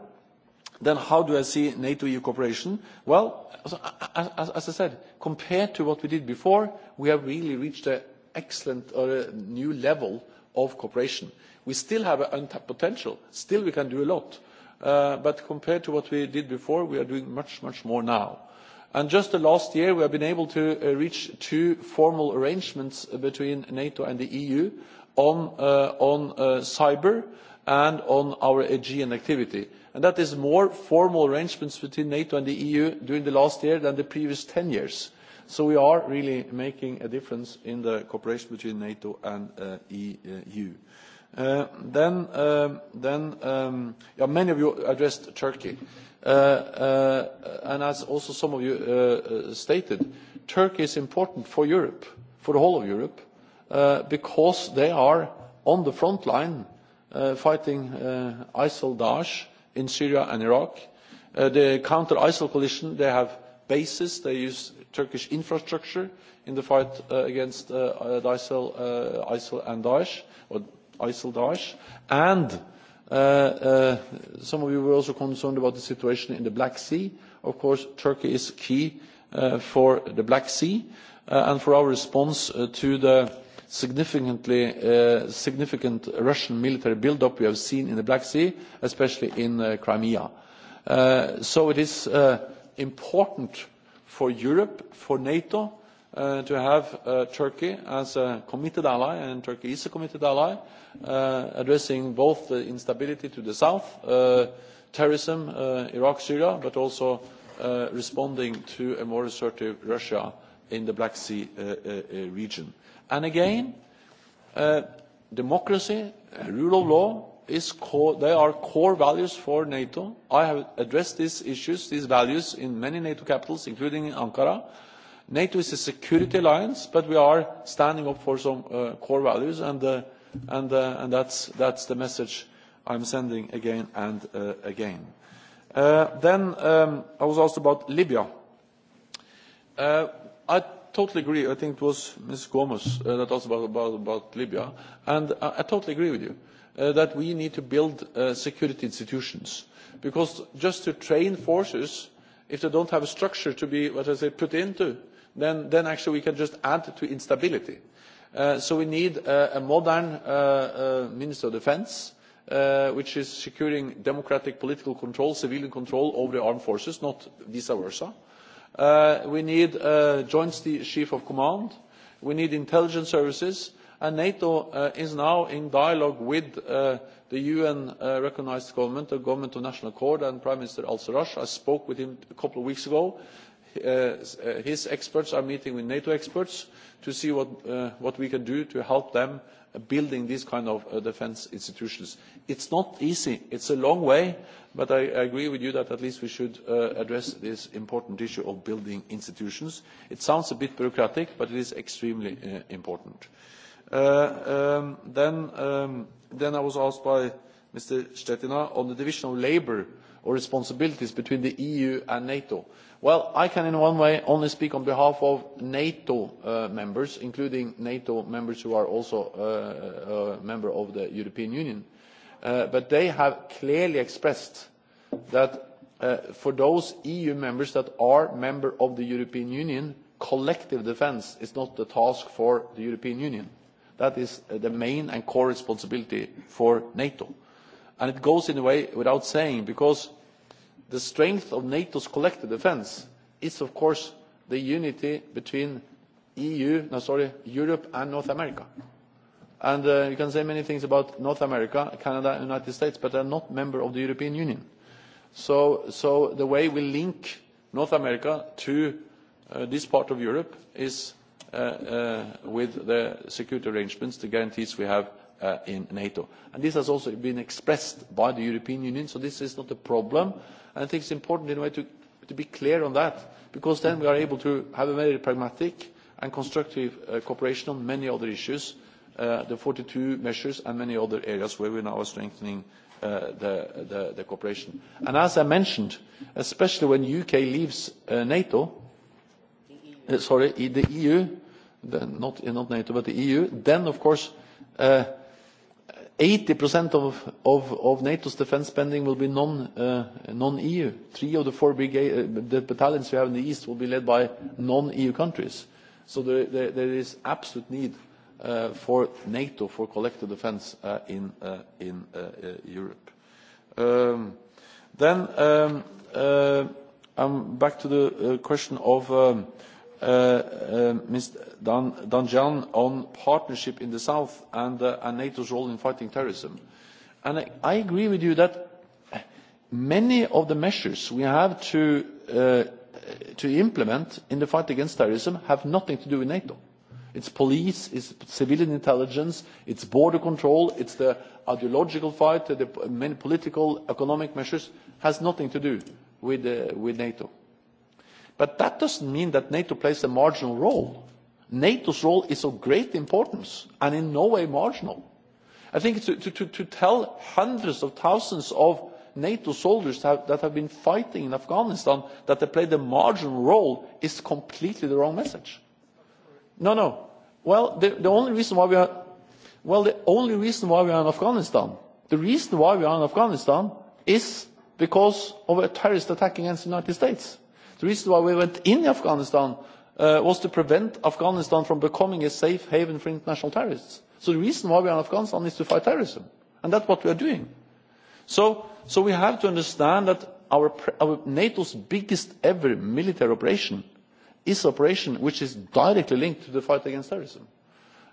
Speaker 3: Then how do I see NATO-EU cooperation? Well, as, I said, compared to what we did before, we have really reached an excellent a new level of cooperation. We still have an untapped potential. Still, we can do a lot. Uh, but compared to what we did before, we are doing much, much more now. And just the last year, we have been able to uh, reach two formal arrangements between NATO and the EU on, uh, on cyber and on our Aegean activity and that is more formal arrangements between nato and the eu during the last year than the previous ten years so we are really making a difference in the cooperation between nato and the uh, eu. Uh, then, um, then um, yeah, many of you addressed turkey uh, uh and as also some of you uh, uh, stated turkey is important for europe for the whole of europe because they are on the front line fighting isil daesh in Syria and Iraq. Uh, the counter ISIL coalition, they have bases, they use Turkish infrastructure in the fight uh, against uh, ISIL, ISIL and Daesh, or ISIL Daesh. And uh, uh, some of you were also concerned about the situation in the Black Sea. Of course, Turkey is key uh, for the Black Sea uh, and for our response uh, to the significantly, uh, significant Russian military build-up we have seen in the Black Sea, especially in uh, Crimea. Uh, so it is uh, important for Europe, for NATO, uh, to have uh, Turkey as a committed ally, and Turkey is a committed ally, uh, addressing both the instability to the south, uh, terrorism, uh, Iraq, Syria, but also uh, responding to a more assertive Russia in the Black Sea uh, uh, region And again, uh, democracy, rule of law, is they are core values for NATO. I have addressed these issues, these values, in many NATO capitals, including in Ankara. NATO is a security alliance, but we are standing up for some uh, core values, and, that uh, and, uh, and that's, that's the message I'm sending again and again. then um, I was asked about Libya. I totally agree. I think it was Ms. Gomez uh, that asked about, about, about Libya. And I, I totally agree with you uh, that we need to build uh, security institutions. Because just to train forces, if they don't have a structure to be, what I say, put into, then, then actually we can just add to instability. Uh, so we need uh, a modern uh, uh, Minister of Defense, Uh, which is securing democratic political control civilian control over the armed forces not vice versa. Uh, we need a uh, joint chief of command. We need intelligence services. And NATO uh, is now in dialogue with the UN recognised government, the government of national accord, and Prime Minister al-Sarraj. I spoke with him a couple of weeks ago. his experts are meeting with NATO experts to see what, what we can do to help them building these kind of uh, defence institutions. It's not easy. It's a long way, but I agree with you that at least we should uh, address this important issue of building institutions. It sounds a bit bureaucratic, but it is extremely uh, important. Um, um, then, I was asked by Mr. Stetina on the division of labour or responsibilities between the EU and NATO. Well, I can in one way only speak on behalf of NATO uh, members, including NATO members who are also uh, uh a member of the European Union. Uh, but they have clearly expressed that uh, for those EU members that are member of the European Union, collective defence is not the task for the European Union. That is uh, the main and core responsibility for NATO. And it goes in a way without saying because the strength of nato's collective defence is of course the unity between EU, no, sorry, europe and north america. And, uh, you can say many things about north america canada and the united states but they are not members of the european union. So, the way we link north america to uh, this part of europe is uh, with the security arrangements the guarantees we have Uh, in nato. And this has also been expressed by the european union so this is not a problem and i think it is important in a way to, to be clear on that because then we are able to have a very pragmatic and constructive uh, cooperation on many other issues uh, the forty two measures and many other areas where we are now strengthening the, the, cooperation. And as i mentioned especially when the uk leaves nato sorry the eu not, not nato but the eu then of course 80% of, of, of NATO's defense spending will be non, uh, non-EU. Three of the four brigade, uh, the battalions we have in the East will be led by non-EU countries. So there, there, there is absolute need uh, for NATO for collective defense uh, in, uh, in uh, uh, Europe. Um, then um, uh, I'm um, back to the uh, question of um, Eh, eh, Mr. Danjan on partnership in the South eh, and, NATO's role in fighting terrorism. And I, agree with you that many of the measures we have to, implement in the fight against terrorism have nothing to do with NATO. It's police, it's civilian intelligence, it's border control, it's the ideological fight, the many political, economic measures has nothing to do with NATO But that doesn't mean that NATO plays a marginal role. NATO's role is of great importance and in no way marginal. I think to, to, to tell hundreds of thousands of NATO soldiers have, that have been fighting in Afghanistan that they played a marginal role is completely the wrong message. No, no. Well, the, the only reason why we are, well, the only reason why we are in Afghanistan, the reason why we are in Afghanistan is because of a terrorist attack against the United States the reason why we went into afghanistan uh, was to prevent afghanistan from becoming a safe haven for international terrorists. so the reason why we are in afghanistan is to fight terrorism and that's what we are doing. so, so we have to understand that our, our nato's biggest ever military operation is operation which is directly linked to the fight against terrorism.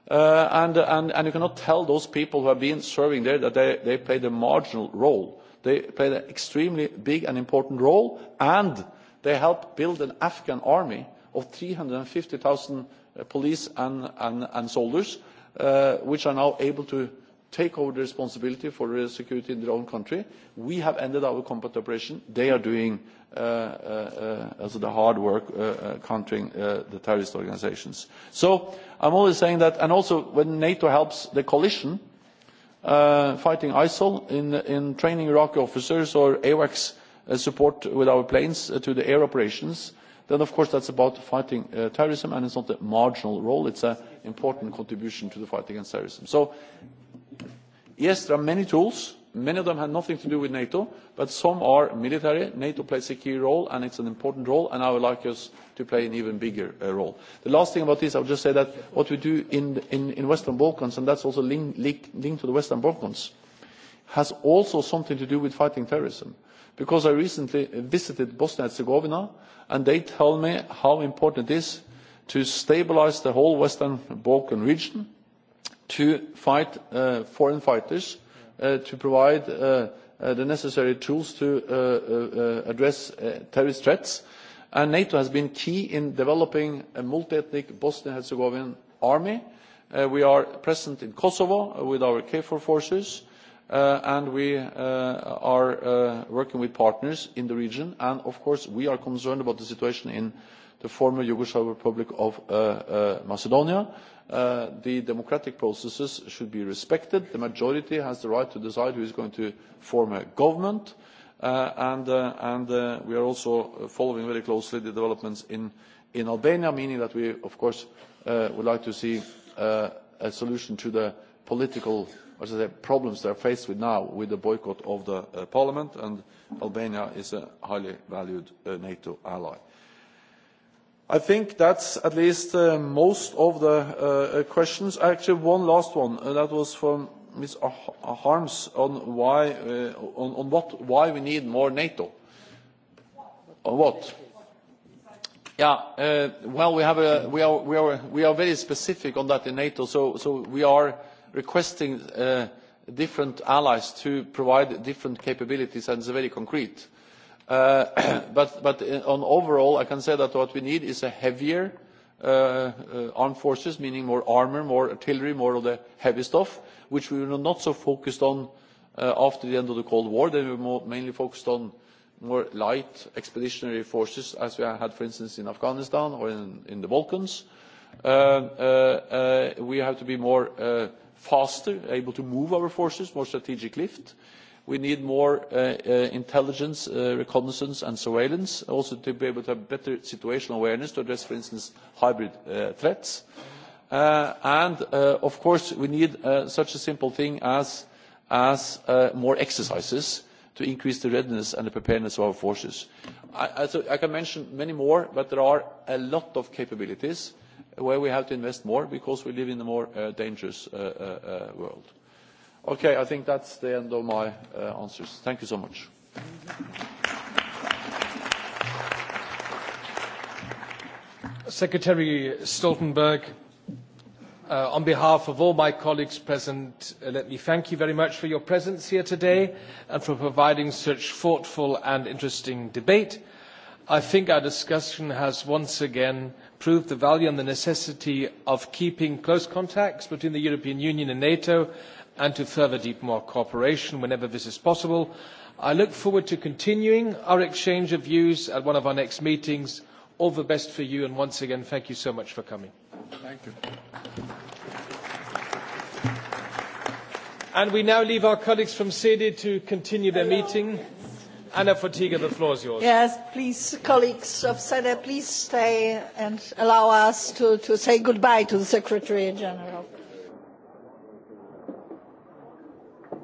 Speaker 3: Uh, and, and, and you cannot tell those people who have been serving there that they, they played a marginal role. They played an extremely big and important role, and They helped build an Afghan army of 350,000 uh, police and, and, and soldiers, uh, which are now able to take over the responsibility for security in their own country. We have ended our combat operation. They are doing uh, uh, uh, the hard work uh, uh, countering the terrorist organizations. So I'm only saying that, and also when NATO helps the coalition fighting ISIL in, in training Iraqi officers or AWACS Uh, support with our planes uh, to the air operations, then of course that is about fighting uh, terrorism and it is not a marginal role, it is an important contribution to the fight against terrorism. So yes, there are many tools. Many of them have nothing to do with NATO, but some are military. NATO plays a key role and it is an important role and I would like us to play an even bigger role. The last thing about this, I would just say that what we do in, in, in Western Balkans, and that is also linked link, link to the Western Balkans, has also something to do with fighting terrorism because i recently visited bosnia and herzegovina and they tell me how important it is to stabilise the whole western balkan region to fight uh, foreign fighters uh, to provide uh, the necessary tools to address terrorist threats and nato has been key in developing a multi ethnic bosnia and herzegovina army. we are present in kosovo with our kfor forces Uh, and we uh, are uh, working with partners in the region. and Of course, we are concerned about the situation in the former Yugoslav Republic of Macedonia. The democratic processes should be respected. The majority has the right to decide who is going to form a government. and, We are also following very closely the developments in Albania, meaning that we, of course, would like to see a solution to the political or the problems they are faced with now with the boycott of the uh, parliament and albania is a highly valued uh, nato ally. i think that is at least uh, most of the questions. actually one last one that was from ms ah-, harms on why on, what why we need more nato. on what? yeah well we have a we are we are we are very specific on that in nato so so we are requesting uh, different allies to provide different capabilities and it's very concrete. Uh, but, uh, on overall, I can say that what we need is a heavier armed forces, meaning more armor, more artillery, more of the heavy stuff, which we were not so focused on after the end of the Cold War. we were mainly focused on more light expeditionary forces, as we had, for instance, in Afghanistan or in, the Balkans. we have to be more faster, able to move our forces, more strategic lift. We need more uh, uh, intelligence, uh, reconnaissance and surveillance, also to be able to have better situational awareness to address, for instance, hybrid threats. and, of course, we need such a simple thing as, as more exercises to increase the readiness and the preparedness of our forces. I can mention many more, but there are a lot of capabilities where we have to invest more because we live in a more uh, dangerous uh, uh, world. Okay, I think that's the end of my answers. Thank you so much. Secretary Stoltenberg,
Speaker 2: on behalf of all my colleagues present, let me thank you very much for your presence here today and for providing such thoughtful and interesting debate. I think our discussion has once again proved the value and the necessity of keeping close contacts between the European Union and NATO and to further deepen our cooperation whenever this is possible. I look forward to continuing our exchange of views at one of our next meetings. All the best for you and once again thank you so much for coming. Thank you. And we now leave our colleagues from CD to continue their meeting. Anna Fortiga, the floor is yours.
Speaker 1: Yes, please, colleagues of SEDE, please stay and allow us to, to say goodbye to the Secretary General.